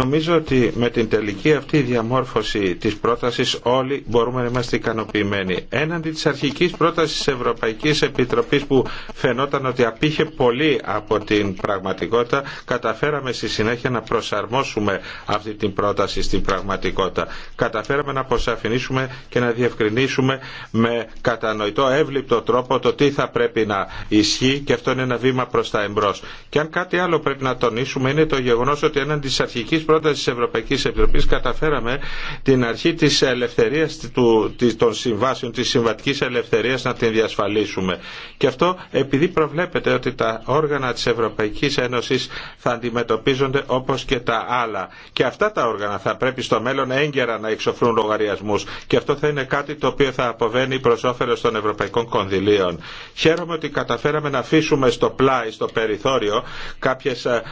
Νομίζω ότι με την τελική αυτή διαμόρφωση της πρότασης όλοι μπορούμε να είμαστε ικανοποιημένοι. Έναντι της αρχικής πρότασης της Ευρωπαϊκής Επιτροπής που φαινόταν ότι απήχε πολύ από την πραγματικότητα, καταφέραμε στη συνέχεια να προσαρμόσουμε αυτή την πρόταση στην πραγματικότητα. Καταφέραμε να αποσαφηνίσουμε και να διευκρινίσουμε με κατανοητό εύληπτο τρόπο το τι θα πρέπει να ισχύει και αυτό είναι ένα βήμα προς τα εμπρός. Και αν κάτι άλλο πρέπει να τονίσουμε είναι το γεγονός ότι έναντι της αρχικής πρόταση της Ευρωπαϊκής Επιτροπής καταφέραμε την αρχή της ελευθερίας του, των συμβάσεων, της συμβατικής ελευθερίας να την διασφαλίσουμε. Και αυτό επειδή προβλέπεται ότι τα όργανα της Ευρωπαϊκής Ένωσης θα αντιμετωπίζονται όπως και τα άλλα. Και αυτά τα όργανα θα πρέπει στο μέλλον έγκαιρα να εξοφρούν λογαριασμούς. Και αυτό θα είναι κάτι το οποίο θα αποβαίνει προς όφελος των ευρωπαϊκών κονδυλίων. Χαίρομαι ότι καταφέραμε να αφήσουμε στο πλάι, στο περιθώριο, κάποιες, ε,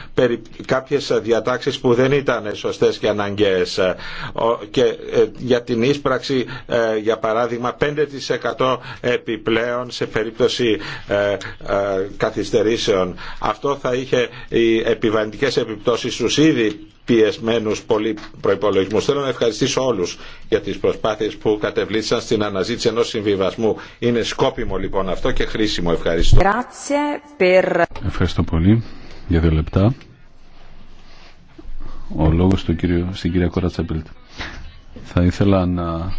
κάποιες διατάξεις που δεν ήταν σωστές και αναγκαίες ε, και ε, για την ίσπραξη ε, για παράδειγμα 5% επιπλέον σε περίπτωση καθυστερήσεων. Αυτό θα είχε οι επιβαντικές επιπτώσεις στους ήδη πιεσμένους πολύ προϋπολογισμούς. Θέλω να ευχαριστήσω όλους για τις προσπάθειες που κατεβλήθησαν στην αναζήτηση ενός συμβιβασμού. Είναι σκόπιμο λοιπόν αυτό και χρήσιμο. Ευχαριστώ. Ευχαριστώ πολύ. Για δύο λεπτά ο λόγος του κύριο, στην κυρία Κορατσαπίλτ. Θα ήθελα να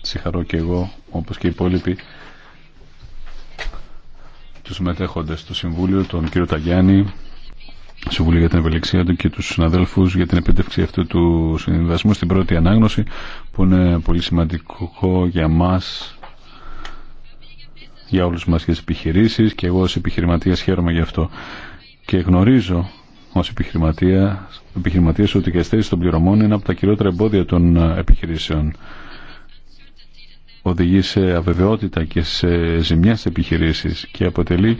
συγχαρώ και εγώ, όπως και οι υπόλοιποι, τους μετέχοντες στο Συμβούλιο, τον κύριο Ταγιάννη, Συμβουλίο για την Ευελιξία του και τους συναδέλφους για την επίτευξη αυτού του συνδυασμού στην πρώτη ανάγνωση, που είναι πολύ σημαντικό για μας, για όλους μας και τις επιχειρήσεις και εγώ ως επιχειρηματίας χαίρομαι γι' αυτό. Και γνωρίζω ως επιχειρηματία, επιχειρηματίες ότι η των πληρωμών είναι από τα κυριότερα εμπόδια των ε, επιχειρήσεων. Οδηγεί σε αβεβαιότητα και σε ζημιά στις επιχειρήσεις και αποτελεί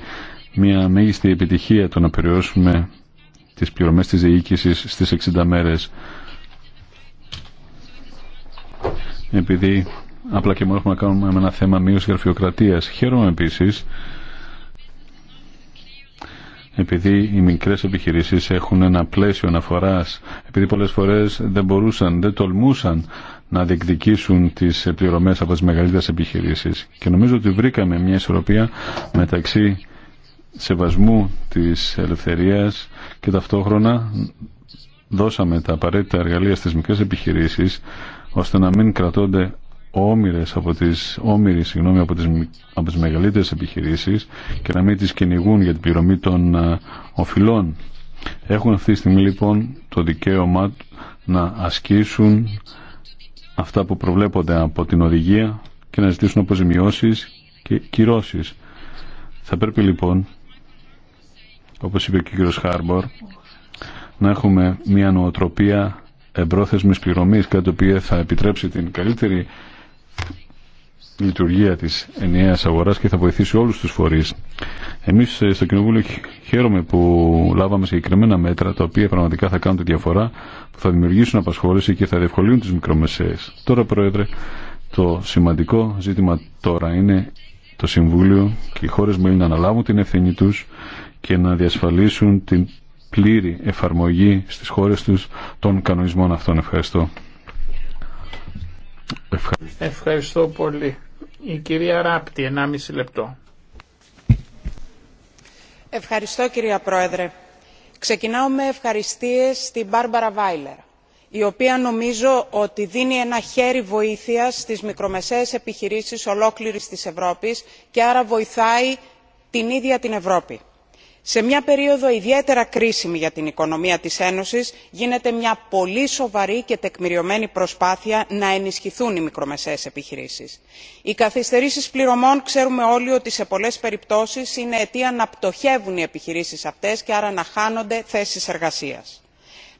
μια μέγιστη επιτυχία το να περιορίσουμε τις πληρωμές της διοίκησης στις 60 μέρες επειδή απλά και μόνο έχουμε να κάνουμε ένα θέμα μείωση γραφειοκρατίας. Χαίρομαι επίσης επειδή οι μικρές επιχειρήσεις έχουν ένα πλαίσιο αναφοράς, επειδή πολλές φορές δεν μπορούσαν, δεν τολμούσαν να διεκδικήσουν τις πληρωμές από τις μεγαλύτερες επιχειρήσεις. Και νομίζω ότι βρήκαμε μια ισορροπία μεταξύ σεβασμού της ελευθερίας και ταυτόχρονα δώσαμε τα απαραίτητα εργαλεία στις μικρές επιχειρήσεις ώστε να μην κρατώνται όμοιρες από τις, όμοιροι, συγγνώμη, από τις, μεγαλύτερες επιχειρήσεις και να μην τις κυνηγούν για την πληρωμή των ε, οφειλών. Έχουν αυτή τη στιγμή λοιπόν το δικαίωμα να ασκήσουν αυτά που προβλέπονται από την οδηγία και να ζητήσουν αποζημιώσεις και κυρώσεις. Θα πρέπει λοιπόν, όπως είπε και ο κύριος Χάρμπορ, να έχουμε μια νοοτροπία εμπρόθεσμης πληρωμής, κάτι το οποίο θα επιτρέψει την καλύτερη λειτουργία της ενιαίας αγοράς και θα βοηθήσει όλους τους φορείς. Εμείς ε, στο Κοινοβούλιο χαίρομαι που λάβαμε συγκεκριμένα μέτρα τα οποία πραγματικά θα κάνουν τη διαφορά που θα δημιουργήσουν απασχόληση και θα διευκολύνουν τις μικρομεσαίες. Τώρα Πρόεδρε, το σημαντικό ζήτημα τώρα είναι το Συμβούλιο και οι χώρες μέλη να αναλάβουν την ευθύνη τους και να διασφαλίσουν την πλήρη εφαρμογή στις χώρες τους των κανονισμών αυτών. Ευχαριστώ. Ευχαριστώ. πολύ. Η κυρία Ράπτη, 1,5 λεπτό. Ευχαριστώ κυρία Πρόεδρε. Ξεκινάω με ευχαριστίες στην Μπάρμπαρα Βάιλερ, η οποία νομίζω ότι δίνει ένα χέρι βοήθειας στις μικρομεσαίες επιχειρήσεις ολόκληρης της Ευρώπης και άρα βοηθάει την ίδια την Ευρώπη σε μια περίοδο ιδιαίτερα κρίσιμη για την οικονομία της ένωσης γίνεται μια πολύ σοβαρή και τεκμηριωμένη προσπάθεια να ενισχυθούν οι μικρομεσαίες επιχειρήσεις. οι καθυστερήσεις πληρωμών ξέρουμε όλοι ότι σε πολλές περιπτώσεις είναι αιτία να πτωχεύουν οι επιχειρήσεις αυτές και άρα να χάνονται θέσεις εργασίας.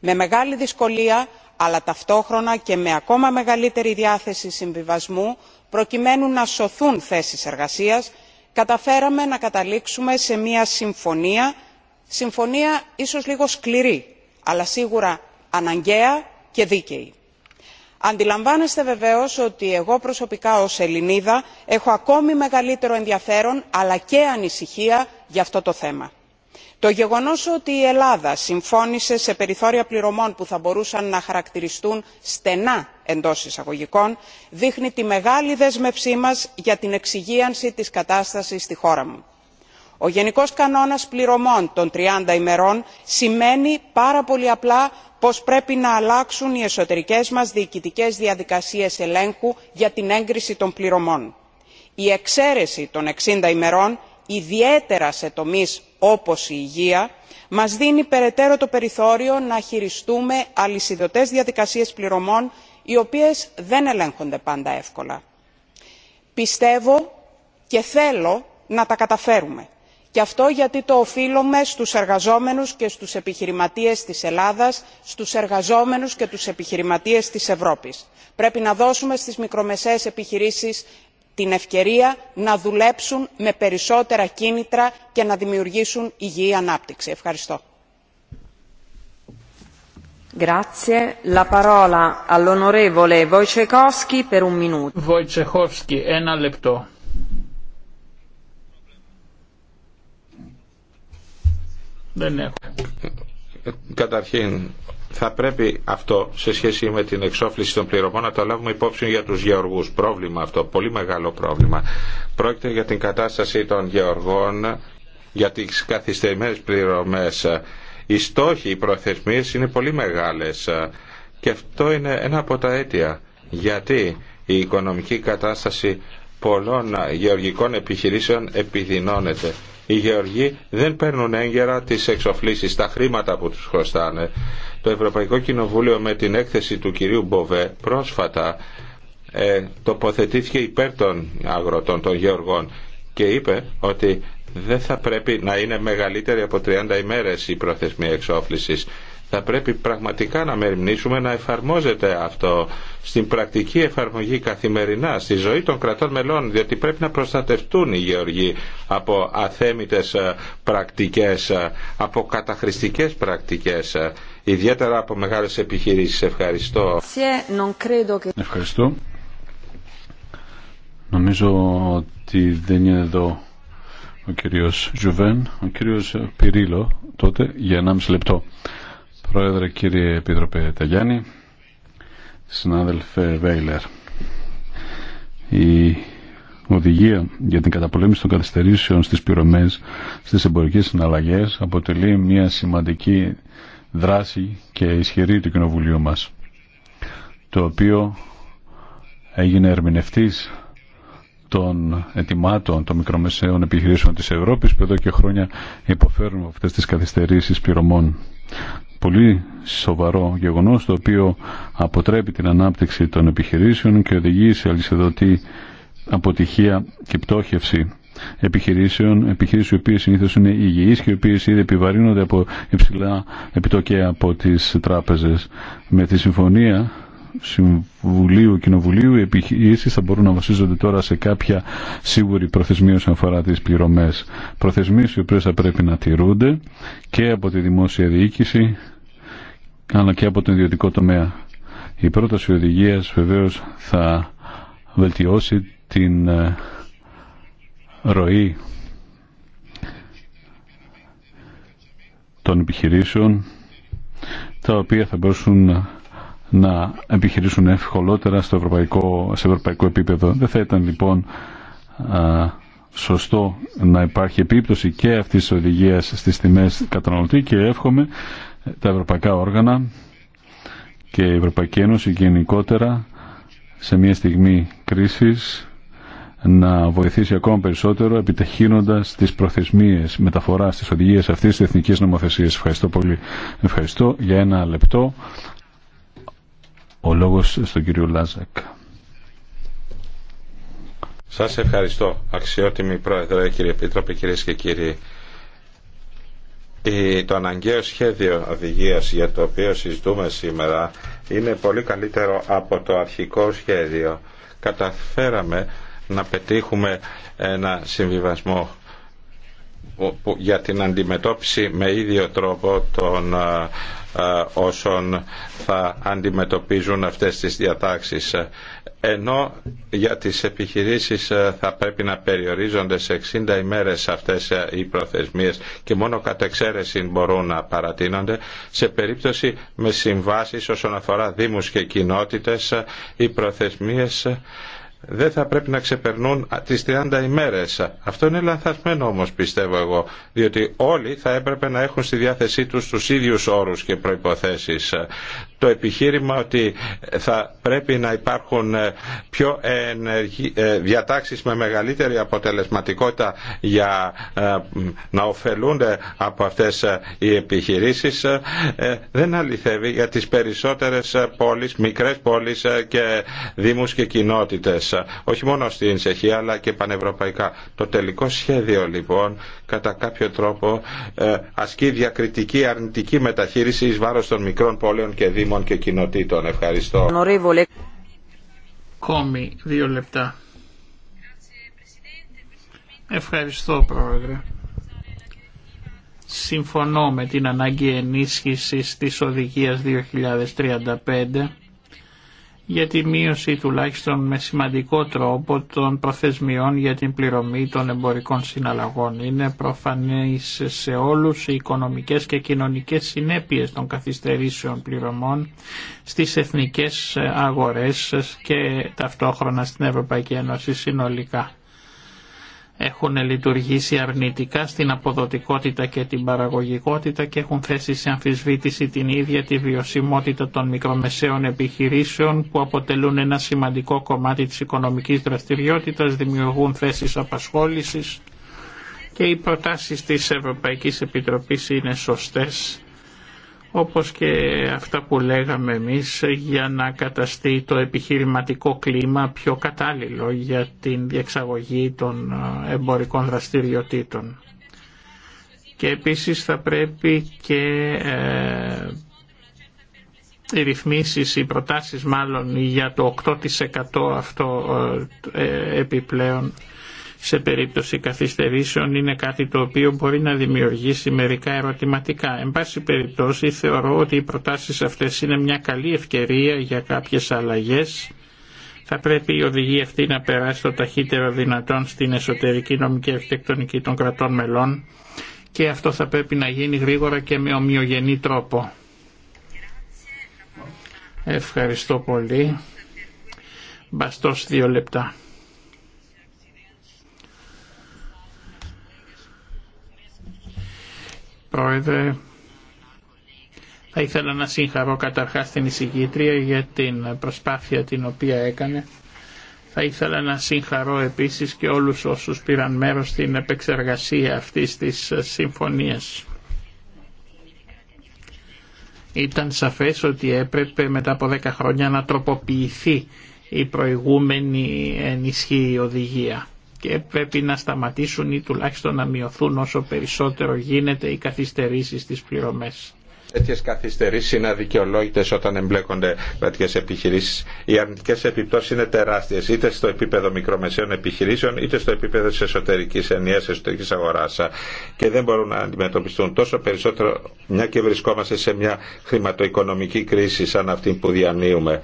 με μεγάλη δυσκολία αλλά ταυτόχρονα και με ακόμα μεγαλύτερη διάθεση συμβιβασμού προκειμένου να σωθούν θέσεις εργασίας καταφέραμε να καταλήξουμε σε μια συμφωνία συμφωνία ίσως λίγο σκληρή αλλά σίγουρα αναγκαία και δίκαιη. αντιλαμβάνεστε βεβαίως ότι εγώ προσωπικά ως ελληνίδα έχω ακόμη μεγαλύτερο ενδιαφέρον αλλά και ανησυχία για αυτό το θέμα. το γεγονός ότι η ελλάδα συμφώνησε σε περιθώρια πληρωμών που θα μπορούσαν να χαρακτηριστούν στενά εντό εισαγωγικών δείχνει τη μεγάλη δέσμευσή μας για την εξυγίανση της κατάστασης στη χώρα μου. ο γενικός κανόνας πληρωμών των 30 ημερών σημαίνει πάρα πολύ απλά πως πρέπει να αλλάξουν οι εσωτερικές μας διοικητικές διαδικασίες ελέγχου για την έγκριση των πληρωμών. η εξαίρεση των 60 ημερών ιδιαίτερα σε τομεί όπω η υγεία μα δίνει περαιτέρω το περιθώριο να χειριστούμε αλυσιδωτές διαδικασίες πληρωμών οι οποίες δεν ελέγχονται πάντα εύκολα. πιστεύω και θέλω να τα καταφέρουμε και αυτό γιατί το οφείλουμε στους εργαζόμενους και στους επιχειρηματίες της ελλάδας στους εργαζόμενους και τους επιχειρηματίες της ευρώπης. πρέπει να δώσουμε στις μικρομεσαίες επιχειρήσεις την ευκαιρία να δουλέψουν με περισσότερα κίνητρα και να δημιουργήσουν υγιή ανάπτυξη. ευχαριστώ. Καταρχήν, θα πρέπει αυτό σε σχέση με την εξόφληση των πληρωμών να το λάβουμε υπόψη για τους γεωργούς. Πρόβλημα αυτό, πολύ μεγάλο πρόβλημα. Πρόκειται για την κατάσταση των γεωργών, για τις καθυστερημένες πληρωμές οι στόχοι, οι προθεσμίες είναι πολύ μεγάλες ε, και αυτό είναι ένα από τα αίτια. Γιατί η οικονομική κατάσταση πολλών γεωργικών επιχειρήσεων επιδεινώνεται. Οι γεωργοί δεν παίρνουν έγκαιρα τις εξοφλήσεις, τα χρήματα που τους χρωστάνε. Το Ευρωπαϊκό Κοινοβούλιο με την έκθεση του κυρίου Μποβέ πρόσφατα ε, τοποθετήθηκε υπέρ των αγροτών, των γεωργών και είπε ότι δεν θα πρέπει να είναι μεγαλύτερη από 30 ημέρες η προθεσμία εξόφλησης. Θα πρέπει πραγματικά να μεριμνήσουμε να εφαρμόζεται αυτό στην πρακτική εφαρμογή καθημερινά, στη ζωή των κρατών μελών, διότι πρέπει να προστατευτούν οι γεωργοί από αθέμητες ε, πρακτικές, ε, από καταχρηστικές πρακτικές, ε, ιδιαίτερα από μεγάλες επιχειρήσεις. Ευχαριστώ. Ευχαριστώ. Νομίζω ότι δεν είναι εδώ ο κύριος Ζουβέν, ο κύριος Πυρίλο τότε για 1,5 λεπτό. Πρόεδρε κύριε Επίτροπε Ταγιάννη, συνάδελφε Βέιλερ, η οδηγία για την καταπολέμηση των καθυστερήσεων στις πυρομές, στις εμπορικές συναλλαγές αποτελεί μια σημαντική δράση και ισχυρή του Κοινοβουλίου μας το οποίο έγινε ερμηνευτής των ετοιμάτων των μικρομεσαίων επιχειρήσεων της Ευρώπης που εδώ και χρόνια υποφέρουν αυτές τις καθυστερήσεις πληρωμών. Πολύ σοβαρό γεγονός το οποίο αποτρέπει την ανάπτυξη των επιχειρήσεων και οδηγεί σε αλυσιδωτή αποτυχία και πτώχευση επιχειρήσεων, επιχειρήσεις οι οποίες συνήθως είναι υγιείς και οι οποίες ήδη επιβαρύνονται από υψηλά επιτόκια από τις τράπεζες. Με τη συμφωνία Συμβουλίου, Κοινοβουλίου, οι επιχειρήσει θα μπορούν να βασίζονται τώρα σε κάποια σίγουρη προθεσμία όσον αφορά τι πληρωμέ. προθεσμίε οι οποίε θα πρέπει να τηρούνται και από τη δημόσια διοίκηση αλλά και από τον ιδιωτικό τομέα. Η πρόταση οδηγία βεβαίω θα βελτιώσει την ε, ροή των επιχειρήσεων τα οποία θα μπορούσαν να επιχειρήσουν ευκολότερα στο ευρωπαϊκό, σε ευρωπαϊκό επίπεδο. Δεν θα ήταν λοιπόν σωστό να υπάρχει επίπτωση και αυτής της οδηγίας στις τιμέ καταναλωτή και εύχομαι τα ευρωπαϊκά όργανα και η Ευρωπαϊκή Ένωση γενικότερα σε μια στιγμή κρίσης να βοηθήσει ακόμα περισσότερο επιτεχύνοντας τις προθεσμίες μεταφοράς της οδηγίας αυτής της εθνικής νομοθεσίας. Ευχαριστώ πολύ. Ευχαριστώ για ένα λεπτό ο λόγος στον κύριο Λάζακ. Σας ευχαριστώ, αξιότιμη Πρόεδρε, κύριε Επίτροπε, κυρίες και κύριοι. Το αναγκαίο σχέδιο οδηγίας για το οποίο συζητούμε σήμερα είναι πολύ καλύτερο από το αρχικό σχέδιο. Καταφέραμε να πετύχουμε ένα συμβιβασμό για την αντιμετώπιση με ίδιο τρόπο των όσων θα αντιμετωπίζουν αυτές τις διατάξεις. Ενώ για τις επιχειρήσεις θα πρέπει να περιορίζονται σε 60 ημέρες αυτές οι προθεσμίες και μόνο κατ' εξαίρεση μπορούν να παρατείνονται, σε περίπτωση με συμβάσεις όσον αφορά δήμους και κοινότητες οι προθεσμίες δεν θα πρέπει να ξεπερνούν τις 30 ημέρες. Αυτό είναι λανθασμένο όμως πιστεύω εγώ, διότι όλοι θα έπρεπε να έχουν στη διάθεσή τους τους ίδιους όρους και προϋποθέσεις το επιχείρημα ότι θα πρέπει να υπάρχουν ε, πιο ενεργοί, ε, διατάξεις με μεγαλύτερη αποτελεσματικότητα για ε, να ωφελούνται από αυτές οι επιχειρήσεις δεν αληθεύει για τις περισσότερες πόλεις, μικρές πόλεις και δήμους και κοινότητες όχι μόνο στην Σεχία, αλλά και πανευρωπαϊκά. Το τελικό σχέδιο λοιπόν κατά κάποιο τρόπο ε, ασκεί διακριτική αρνητική μεταχείριση εις βάρος των μικρών πόλεων και δήμων και κοινοτήτων. Ευχαριστώ. Κόμι δύο λεπτά. Ευχαριστώ Πρόεδρε. Συμφωνώ με την ανάγκη ενίσχυσης της οδηγίας 2035 για τη μείωση τουλάχιστον με σημαντικό τρόπο των προθεσμιών για την πληρωμή των εμπορικών συναλλαγών. Είναι προφανές σε όλους οι οικονομικές και κοινωνικές συνέπειες των καθυστερήσεων πληρωμών στις εθνικές αγορές και ταυτόχρονα στην Ευρωπαϊκή Ένωση συνολικά έχουν λειτουργήσει αρνητικά στην αποδοτικότητα και την παραγωγικότητα και έχουν θέσει σε αμφισβήτηση την ίδια τη βιωσιμότητα των μικρομεσαίων επιχειρήσεων που αποτελούν ένα σημαντικό κομμάτι της οικονομικής δραστηριότητας, δημιουργούν θέσεις απασχόλησης και οι προτάσεις της Ευρωπαϊκής Επιτροπής είναι σωστές όπως και αυτά που λέγαμε εμείς για να καταστεί το επιχειρηματικό κλίμα πιο κατάλληλο για την διεξαγωγή των ε, εμπορικών δραστηριοτήτων. Και επίσης θα πρέπει και ε, οι ρυθμίσεις, οι προτάσεις μάλλον για το 8% αυτό ε, επιπλέον σε περίπτωση καθυστερήσεων είναι κάτι το οποίο μπορεί να δημιουργήσει μερικά ερωτηματικά. Εν πάση περιπτώσει θεωρώ ότι οι προτάσεις αυτές είναι μια καλή ευκαιρία για κάποιες αλλαγές. Θα πρέπει η οδηγία αυτή να περάσει το ταχύτερο δυνατόν στην εσωτερική νομική αρχιτεκτονική των κρατών μελών και αυτό θα πρέπει να γίνει γρήγορα και με ομοιογενή τρόπο. Ευχαριστώ πολύ. Μπαστός δύο λεπτά. Πρόεδρε. Θα ήθελα να συγχαρώ καταρχάς την εισηγήτρια για την προσπάθεια την οποία έκανε. Θα ήθελα να συγχαρώ επίσης και όλους όσους πήραν μέρος στην επεξεργασία αυτής της συμφωνίας. Ήταν σαφές ότι έπρεπε μετά από δέκα χρόνια να τροποποιηθεί η προηγούμενη ενισχύη οδηγία και πρέπει να σταματήσουν ή τουλάχιστον να μειωθούν όσο περισσότερο γίνεται οι καθυστερήσεις στις πληρωμές. Τέτοιε καθυστερήσει είναι αδικαιολόγητε όταν εμπλέκονται κρατικέ επιχειρήσει. Οι αρνητικέ επιπτώσει είναι τεράστιε, είτε στο επίπεδο μικρομεσαίων επιχειρήσεων, είτε στο επίπεδο τη εσωτερική ενιαία εσωτερική αγορά. Και δεν μπορούν να αντιμετωπιστούν τόσο περισσότερο, μια και βρισκόμαστε σε μια χρηματοοικονομική κρίση σαν αυτή που διανύουμε.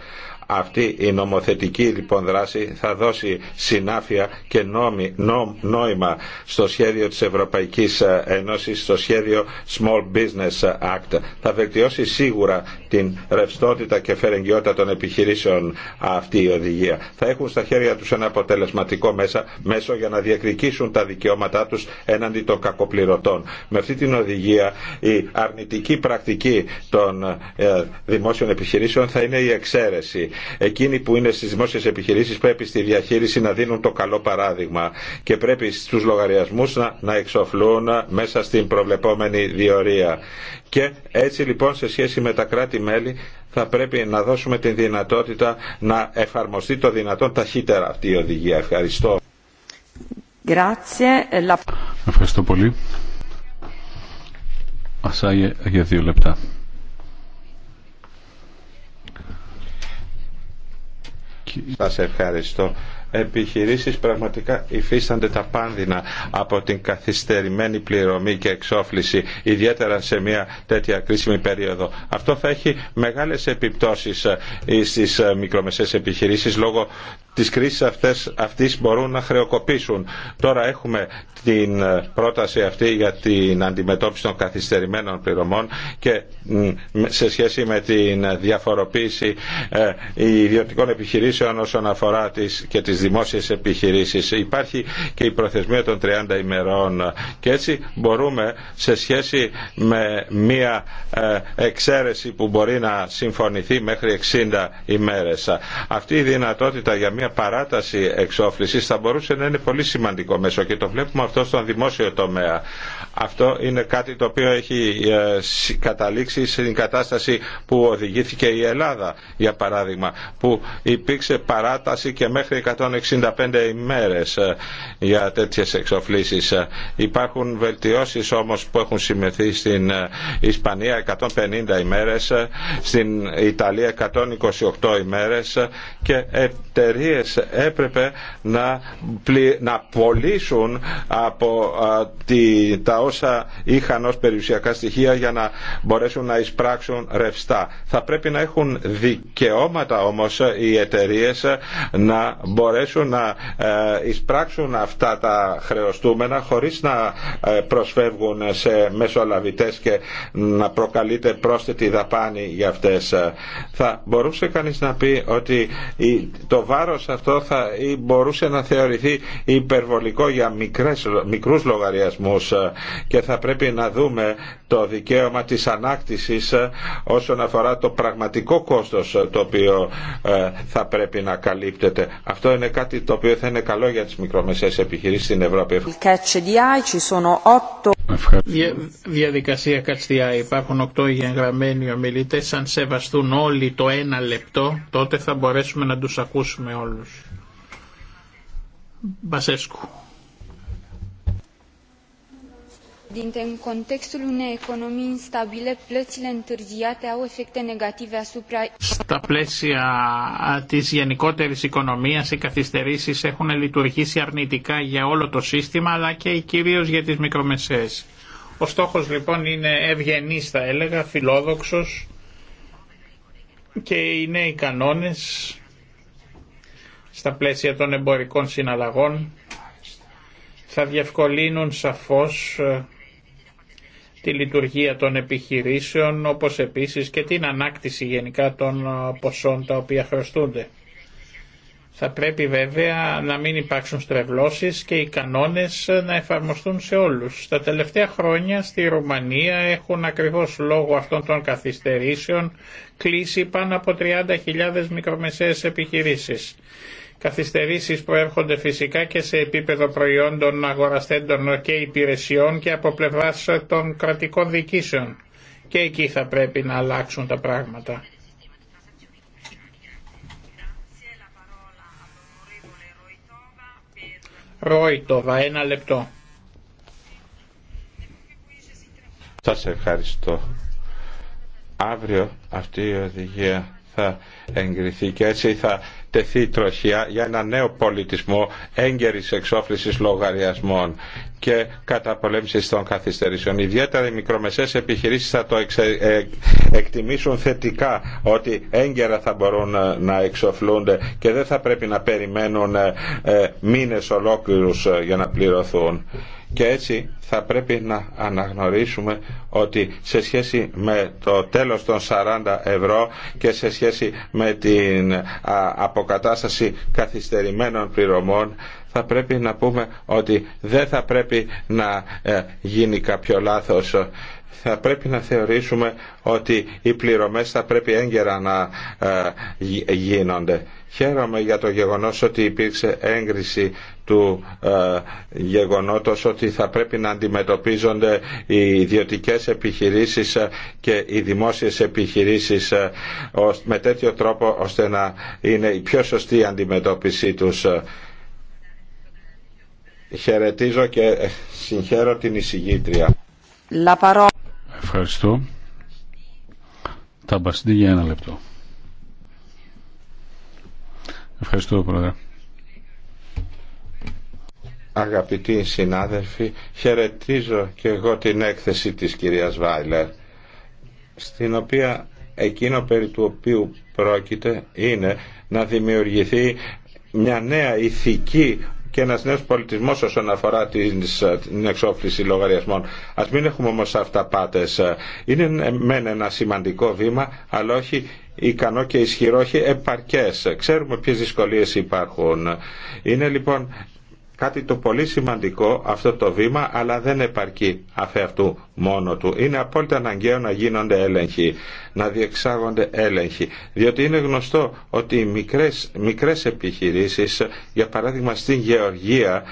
Αυτή η νομοθετική λοιπόν δράση θα δώσει συνάφεια και νόμι, νόημα στο σχέδιο της Ευρωπαϊκής ε, Ένωσης, στο σχέδιο Small Business Act. Θα βελτιώσει σίγουρα την ρευστότητα και φερεγγιότητα των επιχειρήσεων αυτή η οδηγία. Θα έχουν στα χέρια τους ένα αποτελεσματικό μέσα, μέσο για να διακρικήσουν τα δικαιώματά τους έναντι των κακοπληρωτών. Με αυτή την οδηγία η αρνητική πρακτική των ε, δημόσιων επιχειρήσεων θα είναι η εξαίρεση εκείνοι που είναι στις δημόσιες επιχειρήσεις πρέπει στη διαχείριση να δίνουν το καλό παράδειγμα και πρέπει στους λογαριασμούς να, να εξοφλούν μέσα στην προβλεπόμενη διορία. Και έτσι λοιπόν σε σχέση με τα κράτη-μέλη θα πρέπει να δώσουμε την δυνατότητα να εφαρμοστεί το δυνατόν ταχύτερα αυτή η οδηγία. Ευχαριστώ. Ευχαριστώ πολύ. Ασάγε για δύο λεπτά. Σας ευχαριστώ επιχειρήσεις πραγματικά υφίστανται τα πάνδυνα από την καθυστερημένη πληρωμή και εξόφληση, ιδιαίτερα σε μια τέτοια κρίσιμη περίοδο. Αυτό θα έχει μεγάλες επιπτώσεις ε, στις ε, μικρομεσαίες επιχειρήσεις λόγω τις κρίσεις αυτές, αυτής μπορούν να χρεοκοπήσουν. Τώρα έχουμε την ε, πρόταση αυτή για την αντιμετώπιση των καθυστερημένων πληρωμών και σε σχέση με την διαφοροποίηση ε, ιδιωτικών επιχειρήσεων όσον αφορά τις και τις δημόσιες επιχειρήσεις. Υπάρχει και η προθεσμία των 30 ημερών και έτσι μπορούμε σε σχέση με μία ε, εξαίρεση που μπορεί να συμφωνηθεί μέχρι 60 ημέρες. Αυτή η δυνατότητα για μία μια παράταση εξόφλησης θα μπορούσε να είναι πολύ σημαντικό μέσο και το βλέπουμε αυτό στον δημόσιο τομέα. Αυτό είναι κάτι το οποίο έχει ε, καταλήξει στην κατάσταση που οδηγήθηκε η Ελλάδα, για παράδειγμα, που υπήρξε παράταση και μέχρι 165 ημέρες ε, για τέτοιες εξοφλήσεις. Ε, υπάρχουν βελτιώσεις όμως που έχουν συμμεθεί στην Ισπανία 150 ημέρες, στην Ιταλία 128 ημέρες και εταιρείε έπρεπε να, πλη, να πωλήσουν από τη, τα όσα είχαν ως περιουσιακά στοιχεία για να μπορέσουν να εισπράξουν ρευστά. Θα πρέπει να έχουν δικαιώματα όμως οι εταιρείε να μπορέσουν να ε, εισπράξουν αυτά τα χρεωστούμενα χωρίς να ε, προσφεύγουν σε μεσολαβητές και να προκαλείται πρόσθετη δαπάνη για αυτές. Θα μπορούσε κανείς να πει ότι το βάρος αυτό θα μπορούσε να θεωρηθεί υπερβολικό για μικρές, μικρούς λογαριασμούς ε, και θα πρέπει να δούμε το δικαίωμα της ανάκτησης ε, όσον αφορά το πραγματικό κόστος ε, το οποίο ε, θα πρέπει να καλύπτεται. Αυτό είναι κάτι το οποίο θα είναι καλό για τις μικρομεσαίες επιχειρήσεις στην Ευρώπη. διαδικασία Κατστιά υπάρχουν οκτώ εγγεγραμμένοι ομιλητέ. Αν σεβαστούν όλοι το ένα λεπτό, τότε θα μπορέσουμε να τους ακούσουμε όλους. Μπασέσκου. Στα πλαίσια της γενικότερης οικονομίας οι καθυστερήσεις έχουν λειτουργήσει αρνητικά για όλο το σύστημα αλλά και κυρίως για τις μικρομεσαίες. Ο στόχος λοιπόν είναι ευγενής θα έλεγα, φιλόδοξος και είναι οι κανόνες στα πλαίσια των εμπορικών συναλλαγών θα διευκολύνουν σαφώς ε, τη λειτουργία των επιχειρήσεων όπως επίσης και την ανάκτηση γενικά των ε, ποσών τα οποία χρωστούνται. Θα πρέπει βέβαια να μην υπάρξουν στρεβλώσεις και οι κανόνες να εφαρμοστούν σε όλους. Τα τελευταία χρόνια στη Ρουμανία έχουν ακριβώς λόγω αυτών των καθυστερήσεων κλείσει πάνω από 30.000 μικρομεσαίες επιχειρήσεις. Καθυστερήσεις προέρχονται φυσικά και σε επίπεδο προϊόντων αγοραστέντων και υπηρεσιών και από πλευράς των κρατικών διοικήσεων. Και εκεί θα πρέπει να αλλάξουν τα πράγματα. Ρόιτοβα, ένα λεπτό. Σας ευχαριστώ. Αύριο αυτή η οδηγία θα εγκριθεί και έτσι θα τεθεί τροχιά για ένα νέο πολιτισμό έγκαιρης εξόφλησης λογαριασμών και καταπολέμησης των καθυστερήσεων. Ιδιαίτερα οι μικρομεσαίες επιχειρήσεις θα το ε, εκτιμήσουν θετικά ότι έγκαιρα θα μπορούν ε, να εξοφλούνται και δεν θα πρέπει να περιμένουν ε, μήνες ολόκληρους για να πληρωθούν. Και έτσι θα πρέπει να αναγνωρίσουμε ότι σε σχέση με το τέλος των 40 ευρώ και σε σχέση με την αποκατάσταση καθυστερημένων πληρωμών θα πρέπει να πούμε ότι δεν θα πρέπει να ε, γίνει κάποιο λάθος θα πρέπει να θεωρήσουμε ότι οι πληρωμές θα πρέπει έγκαιρα να ε, γίνονται. Χαίρομαι για το γεγονός ότι υπήρξε έγκριση του ε, γεγονότος ότι θα πρέπει να αντιμετωπίζονται οι ιδιωτικές επιχειρήσεις ε, και οι δημόσιες επιχειρήσεις ε, με τέτοιο τρόπο ώστε να είναι η πιο σωστή αντιμετώπιση τους. Χαιρετίζω και συγχαίρω την εισηγήτρια. Ευχαριστώ. Τα για ένα λεπτό. Ευχαριστώ, Πρόεδρε. Αγαπητοί συνάδελφοι, χαιρετίζω και εγώ την έκθεση της κυρίας Βάιλερ, στην οποία εκείνο περί του οποίου πρόκειται είναι να δημιουργηθεί μια νέα ηθική και ένας νέος πολιτισμός όσον αφορά την εξόφληση λογαριασμών. Ας μην έχουμε όμως αυταπάτες. Είναι μεν ένα σημαντικό βήμα, αλλά όχι ικανό και ισχυρό, όχι επαρκές. Ξέρουμε ποιες δυσκολίες υπάρχουν. Είναι λοιπόν κάτι το πολύ σημαντικό αυτό το βήμα, αλλά δεν επαρκεί αφ' αυτού μόνο του. Είναι απόλυτα αναγκαίο να γίνονται έλεγχοι, να διεξάγονται έλεγχοι. Διότι είναι γνωστό ότι οι μικρές, μικρές επιχειρήσεις, για παράδειγμα στην Γεωργία,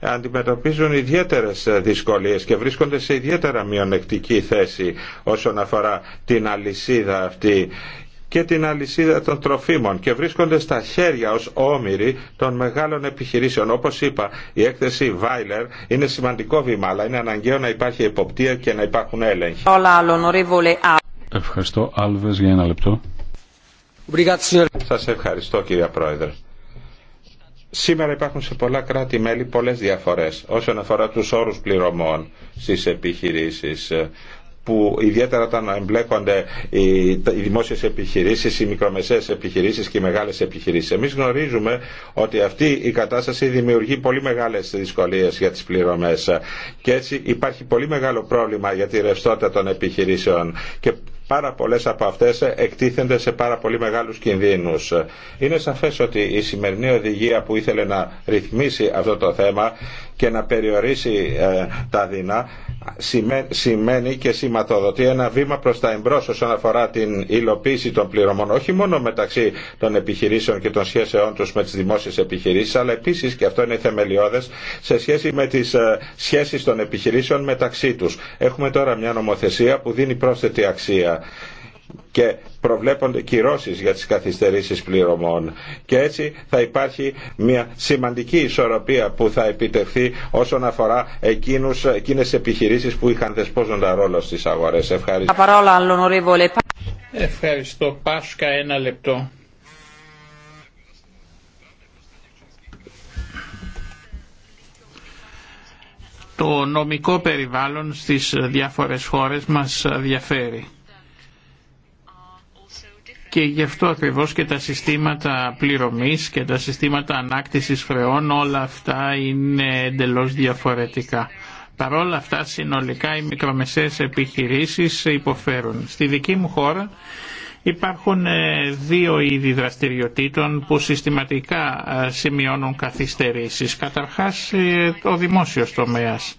αντιμετωπίζουν ιδιαίτερες δυσκολίες και βρίσκονται σε ιδιαίτερα μειονεκτική θέση όσον αφορά την αλυσίδα αυτή και την αλυσίδα των τροφίμων και βρίσκονται στα χέρια ως όμοιροι των μεγάλων επιχειρήσεων. Όπως είπα, η έκθεση Βάιλερ είναι σημαντικό βήμα, αλλά είναι αναγκαίο να υπάρχει υποπτία και να υπάρχουν έλεγχοι. Ευχαριστώ. Άλβες για ένα λεπτό. Σας ευχαριστώ κύριε Πρόεδρε. Σήμερα υπάρχουν σε πολλά κράτη-μέλη πολλές διαφορές όσον αφορά τους όρους πληρωμών στις επιχειρήσεις που ιδιαίτερα όταν εμπλέκονται οι δημόσιες επιχειρήσεις, οι μικρομεσαίες επιχειρήσεις και οι μεγάλες επιχειρήσεις. Εμεί γνωρίζουμε ότι αυτή η κατάσταση δημιουργεί πολύ μεγάλες δυσκολίες για τις πληρωμές και έτσι υπάρχει πολύ μεγάλο πρόβλημα για τη ρευστότητα των επιχειρήσεων και πάρα πολλέ από αυτέ εκτίθενται σε πάρα πολύ μεγάλου κινδύνους. Είναι σαφέ ότι η σημερινή οδηγία που ήθελε να ρυθμίσει αυτό το θέμα και να περιορίσει ε, τα δεινά σημαίνει και σηματοδοτεί ένα βήμα προς τα εμπρός όσον αφορά την υλοποίηση των πληρωμών όχι μόνο μεταξύ των επιχειρήσεων και των σχέσεών τους με τις δημόσιες επιχειρήσεις αλλά επίσης και αυτό είναι θεμελιώδες σε σχέση με τις ε, σχέσεις των επιχειρήσεων μεταξύ τους. Έχουμε τώρα μια νομοθεσία που δίνει πρόσθετη αξία και προβλέπονται κυρώσεις για τις καθυστερήσεις πληρωμών. Και έτσι θα υπάρχει μια σημαντική ισορροπία που θα επιτευχθεί όσον αφορά εκείνους, εκείνες επιχειρήσεις που είχαν δεσπόζοντα ρόλο στις αγορές. Ευχαριστώ. Ευχαριστώ. Πάσκα ένα λεπτό. Το νομικό περιβάλλον στις διάφορες χώρες μας διαφέρει και γι' αυτό ακριβώς και τα συστήματα πληρωμής και τα συστήματα ανάκτησης χρεών όλα αυτά είναι εντελώς διαφορετικά. Παρ' όλα αυτά συνολικά οι μικρομεσαίες επιχειρήσεις υποφέρουν. Στη δική μου χώρα υπάρχουν ε, δύο είδη δραστηριοτήτων που συστηματικά ε, σημειώνουν καθυστερήσεις. Καταρχάς ε, ο δημόσιος τομέας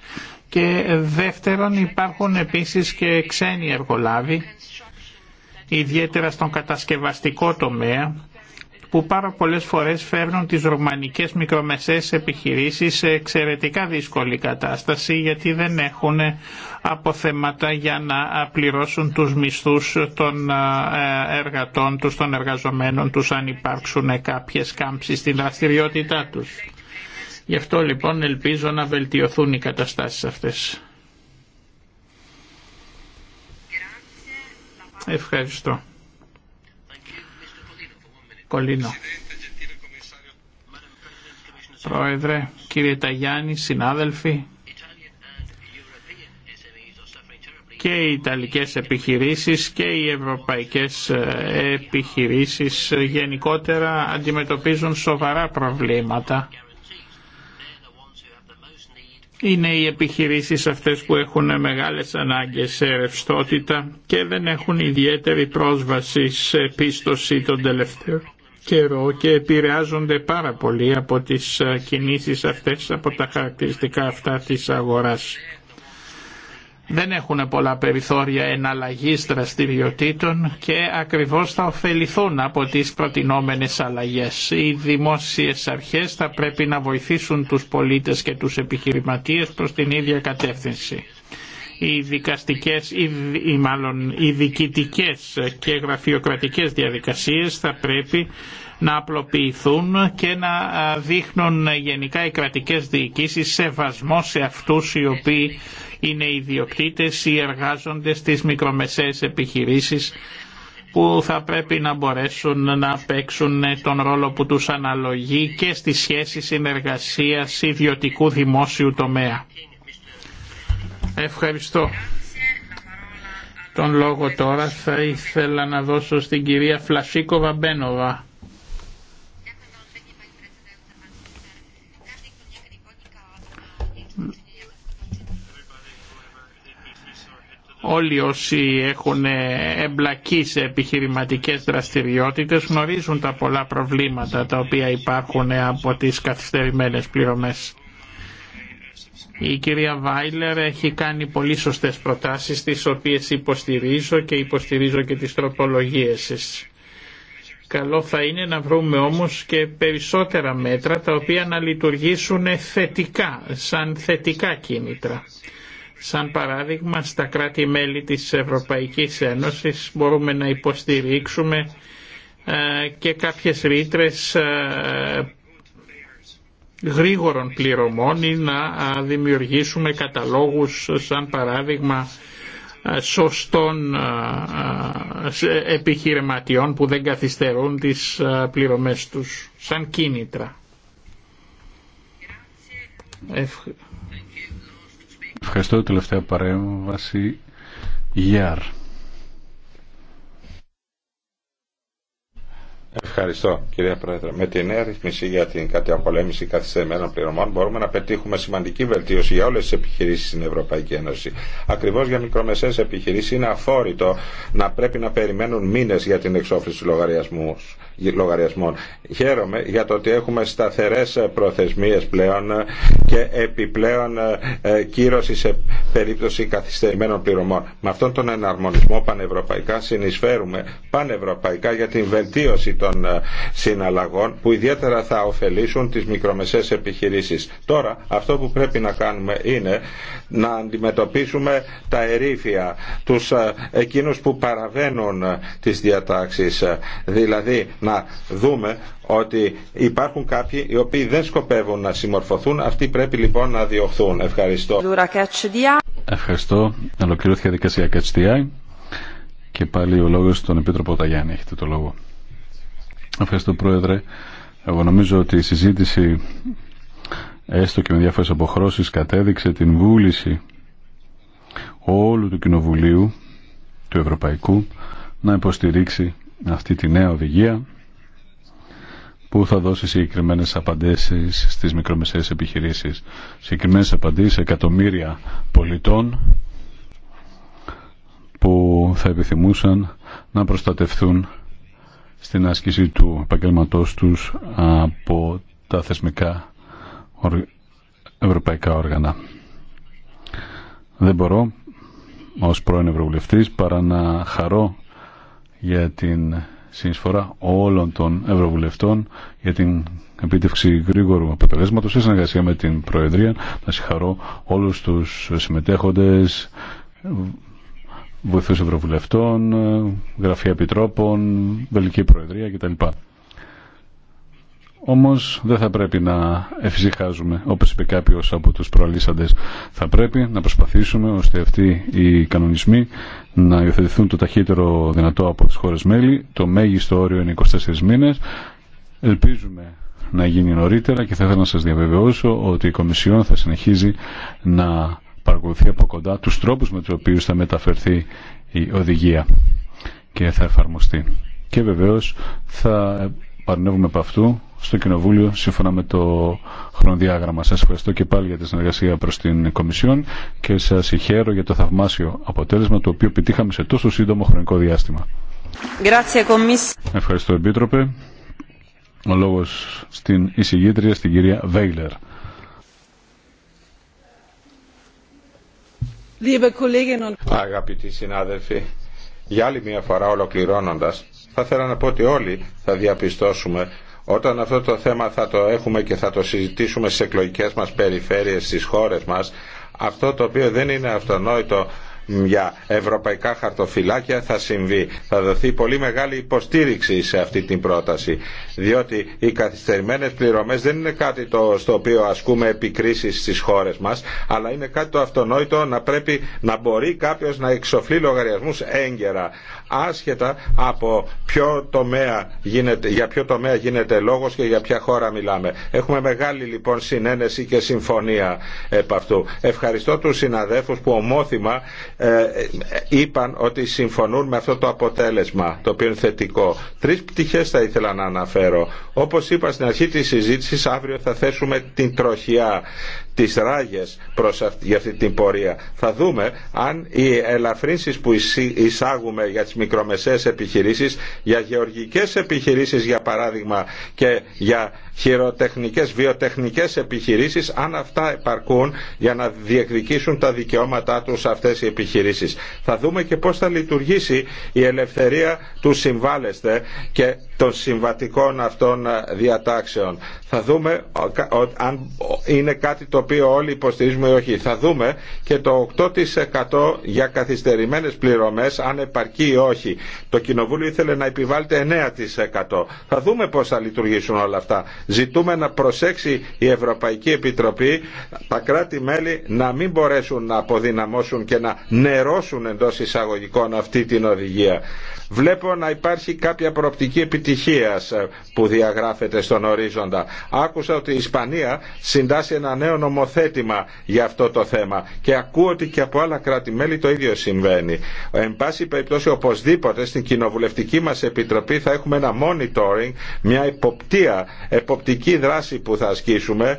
και δεύτερον υπάρχουν επίσης και ξένοι εργολάβοι ιδιαίτερα στον κατασκευαστικό τομέα, που πάρα πολλές φορές φέρνουν τις ρωμανικές μικρομεσαίες επιχειρήσεις σε εξαιρετικά δύσκολη κατάσταση γιατί δεν έχουν αποθέματα για να πληρώσουν τους μισθούς των ε, εργατών τους, των εργαζομένων τους αν υπάρξουν κάποιες κάμψεις στην δραστηριότητά τους. Γι' αυτό λοιπόν ελπίζω να βελτιωθούν οι καταστάσεις αυτές. Ευχαριστώ. Κολίνο. Πρόεδρε, κύριε Ταγιάννη, συνάδελφοι, και οι Ιταλικές επιχειρήσεις και οι Ευρωπαϊκές ε, επιχειρήσεις γενικότερα αντιμετωπίζουν σοβαρά προβλήματα είναι οι επιχειρήσεις αυτές που έχουν μεγάλες ανάγκες σε ρευστότητα και δεν έχουν ιδιαίτερη πρόσβαση σε πίστοση τον τελευταίο καιρό και επηρεάζονται πάρα πολύ από τις κινήσεις αυτές, από τα χαρακτηριστικά αυτά της αγοράς δεν έχουν πολλά περιθώρια εναλλαγής δραστηριοτήτων και ακριβώς θα ωφεληθούν από τις προτινόμενες αλλαγές. Οι δημόσιες αρχές θα πρέπει να βοηθήσουν τους πολίτες και τους επιχειρηματίες προς την ίδια κατεύθυνση. Οι δικαστικές ή, μάλλον οι διοικητικές και γραφειοκρατικές διαδικασίες θα πρέπει να απλοποιηθούν και να δείχνουν γενικά οι κρατικές διοικήσεις σεβασμό σε αυτούς οι οποίοι είναι ιδιοκτήτες ή εργάζονται στις μικρομεσαίες επιχειρήσεις που θα πρέπει να μπορέσουν να παίξουν τον ρόλο που τους αναλογεί και στη σχέση συνεργασίας ιδιωτικού δημόσιου τομέα. Ευχαριστώ. Τον λόγο τώρα θα ήθελα να δώσω στην κυρία Φλασίκοβα Μπένοβα. Όλοι όσοι έχουν εμπλακεί σε επιχειρηματικές δραστηριότητες γνωρίζουν τα πολλά προβλήματα τα οποία υπάρχουν από τις καθυστερημένες πληρωμές. Η κυρία Βάιλερ έχει κάνει πολύ σωστές προτάσεις τις οποίες υποστηρίζω και υποστηρίζω και τις τροπολογίες της. Καλό θα είναι να βρούμε όμως και περισσότερα μέτρα τα οποία να λειτουργήσουν θετικά, σαν θετικά κίνητρα. Σαν παράδειγμα, στα κράτη-μέλη της Ευρωπαϊκής Ένωσης μπορούμε να υποστηρίξουμε ε, και κάποιες ρήτρε ε, γρήγορων πληρωμών ή να ε, δημιουργήσουμε καταλόγους σαν παράδειγμα σωστών επιχειρηματιών που δεν καθυστερούν τις πληρωμές τους, σαν κίνητρα. Ευχαριστώ. Ευχαριστώ. Τελευταία παρέμβαση. Γιάρ. Ευχαριστώ κυρία Πρόεδρε. Με την νέα ρυθμίση για την κατεαπολέμηση καθυστερημένων πληρωμών μπορούμε να πετύχουμε σημαντική βελτίωση για όλε τι επιχειρήσει στην Ευρωπαϊκή Ένωση. Ακριβώ για μικρομεσαίε επιχειρήσει είναι αφόρητο να πρέπει να περιμένουν μήνε για την εξόφληση λογαριασμών. Χαίρομαι για το ότι έχουμε σταθερέ προθεσμίε πλέον και επιπλέον ε, κύρωση σε περίπτωση καθυστερημένων πληρωμών. Με αυτόν τον εναρμονισμό πανευρωπαϊκά συνεισφέρουμε πανευρωπαϊκά για την βελτίωση των ε, συναλλαγών που ιδιαίτερα θα ωφελήσουν τις μικρομεσαίες επιχειρήσεις. Τώρα αυτό που πρέπει να κάνουμε είναι να αντιμετωπίσουμε τα ερήφια, τους ε, εκείνους που παραβαίνουν ε, τις διατάξεις. Δηλαδή να δούμε ότι υπάρχουν κάποιοι οι οποίοι δεν σκοπεύουν να συμμορφωθούν, αυτοί πρέπει λοιπόν να διωχθούν. Ευχαριστώ. Ευχαριστώ. Ολοκληρώθηκε η δικασία και πάλι ο λόγος στον Επίτροπο Ταγιάννη. Έχετε το λόγο. Ευχαριστώ Πρόεδρε. Εγώ νομίζω ότι η συζήτηση έστω και με διάφορες αποχρώσεις κατέδειξε την βούληση όλου του Κοινοβουλίου του Ευρωπαϊκού να υποστηρίξει αυτή τη νέα οδηγία που θα δώσει συγκεκριμένε απαντήσει στι μικρομεσαίε επιχειρήσει. Συγκεκριμένε απαντήσει εκατομμύρια πολιτών που θα επιθυμούσαν να προστατευθούν στην άσκηση του επαγγελματό τους από τα θεσμικά ευρωπαϊκά όργανα. Δεν μπορώ ως πρώην Ευρωβουλευτής παρά να χαρώ για την συνεισφορά όλων των Ευρωβουλευτών για την επίτευξη γρήγορου αποτελέσματος. σε συνεργασία με την Προεδρία. Να συγχαρώ όλους τους συμμετέχοντες βοηθού ευρωβουλευτών, γραφεία επιτρόπων, βελική προεδρία κτλ. Όμω δεν θα πρέπει να εφησυχάζουμε, όπω είπε κάποιο από του προαλήσαντε. Θα πρέπει να προσπαθήσουμε ώστε αυτοί οι κανονισμοί να υιοθετηθούν το ταχύτερο δυνατό από τι χώρε μέλη. Το μέγιστο όριο είναι 24 μήνε. Ελπίζουμε να γίνει νωρίτερα και θα ήθελα να σας διαβεβαιώσω ότι η Κομισιόν θα συνεχίζει να παρακολουθεί από κοντά τους τρόπους με τους οποίους θα μεταφερθεί η οδηγία και θα εφαρμοστεί. Και βεβαίως θα παρνεύουμε από αυτού στο Κοινοβούλιο σύμφωνα με το χρονοδιάγραμμα. Σας ευχαριστώ και πάλι για τη συνεργασία προς την Κομισιόν και σας χαίρω για το θαυμάσιο αποτέλεσμα το οποίο επιτύχαμε σε τόσο σύντομο χρονικό διάστημα. Ευχαριστώ Επίτροπε. Ο λόγος στην εισηγήτρια, στην κυρία Βέιλερ. Αγαπητοί συνάδελφοι, για άλλη μια φορά ολοκληρώνοντας, θα ήθελα να πω ότι όλοι θα διαπιστώσουμε όταν αυτό το θέμα θα το έχουμε και θα το συζητήσουμε στις εκλογικές μας περιφέρειες, στις χώρες μας, αυτό το οποίο δεν είναι αυτονόητο για ευρωπαϊκά χαρτοφυλάκια θα συμβεί. Θα δοθεί πολύ μεγάλη υποστήριξη σε αυτή την πρόταση. Διότι οι καθυστερημένε πληρωμέ δεν είναι κάτι το, στο οποίο ασκούμε επικρίσει στι χώρε μα, αλλά είναι κάτι το αυτονόητο να πρέπει να μπορεί κάποιο να εξοφλεί λογαριασμού έγκαιρα. Άσχετα από ποιο τομέα γίνεται, για ποιο τομέα γίνεται λόγο και για ποια χώρα μιλάμε. Έχουμε μεγάλη λοιπόν συνένεση και συμφωνία επ' αυτού. Ευχαριστώ του συναδέλφου που ομόθυμα ε, ε, είπαν ότι συμφωνούν με αυτό το αποτέλεσμα, το οποίο είναι θετικό. Τρεις πτυχές θα ήθελα να αναφέρω. Όπως είπα στην αρχή της συζήτησης, αύριο θα θέσουμε την τροχιά τις ράγες προς αυτή, για αυτή την πορεία. Θα δούμε αν οι ελαφρύνσεις που εισάγουμε για τις μικρομεσαίες επιχειρήσεις, για γεωργικές επιχειρήσεις για παράδειγμα και για χειροτεχνικές, βιοτεχνικές επιχειρήσεις, αν αυτά επαρκούν για να διεκδικήσουν τα δικαιώματά τους αυτές οι επιχειρήσεις. Θα δούμε και πώς θα λειτουργήσει η ελευθερία του συμβάλλεστε και των συμβατικών αυτών διατάξεων. Θα δούμε αν είναι κάτι το οποίο όλοι υποστηρίζουμε ή όχι. Θα δούμε και το 8% για καθυστερημένες πληρωμές αν επαρκεί ή όχι. Το Κοινοβούλιο ήθελε να επιβάλλεται 9%. Θα δούμε πώς θα λειτουργήσουν όλα αυτά. Ζητούμε να προσέξει η Ευρωπαϊκή Επιτροπή τα κράτη-μέλη να μην μπορέσουν να αποδυναμώσουν και να νερώσουν εντός εισαγωγικών αυτή την οδηγία. Βλέπω να υπάρχει κάποια προοπτική επιτυχίας που διαγράφεται στον ορίζοντα. Άκουσα ότι η Ισπανία συντάσσει ένα νέο νομοθέτημα για αυτό το θέμα. Και ακούω ότι και από άλλα κράτη-μέλη το ίδιο συμβαίνει. Εν πάση περιπτώσει, οπωσδήποτε στην κοινοβουλευτική μα επιτροπή θα έχουμε ένα monitoring, μια υποπτία, εποπτική δράση που θα ασκήσουμε,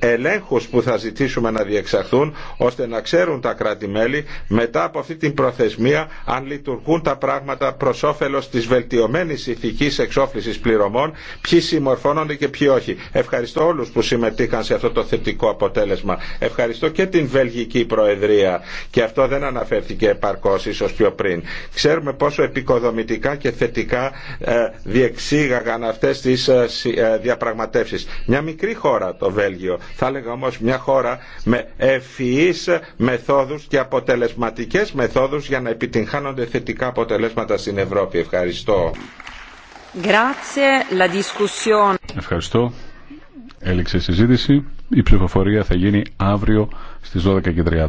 ελέγχου που θα ζητήσουμε να διεξαχθούν, ώστε να ξέρουν τα κράτη-μέλη μετά από αυτή την προθεσμία αν λειτουργούν τα πράγματα προ όφελο τη βελτιωμένη ηθική εξόφληση πληρωμών, ποιοι συμμορφώνονται και ποιοι όχι. Ευχαριστώ όλου που συμμετείχαν σε αυτό το θετικό Ευχαριστώ και την Βελγική Προεδρία και αυτό δεν αναφέρθηκε επαρκώ ίσω πιο πριν. Ξέρουμε πόσο επικοδομητικά και θετικά ε, διεξήγαγαν αυτές τις ε, ε, διαπραγματεύσεις. Μια μικρή χώρα το Βέλγιο, θα έλεγα όμω μια χώρα με ευφυεί μεθόδους και αποτελεσματικές μεθόδους για να επιτυγχάνονται θετικά αποτελέσματα στην Ευρώπη. Ευχαριστώ. Ευχαριστώ. Έληξε η συζήτηση. Η ψηφοφορία θα γίνει αύριο στις 12.30.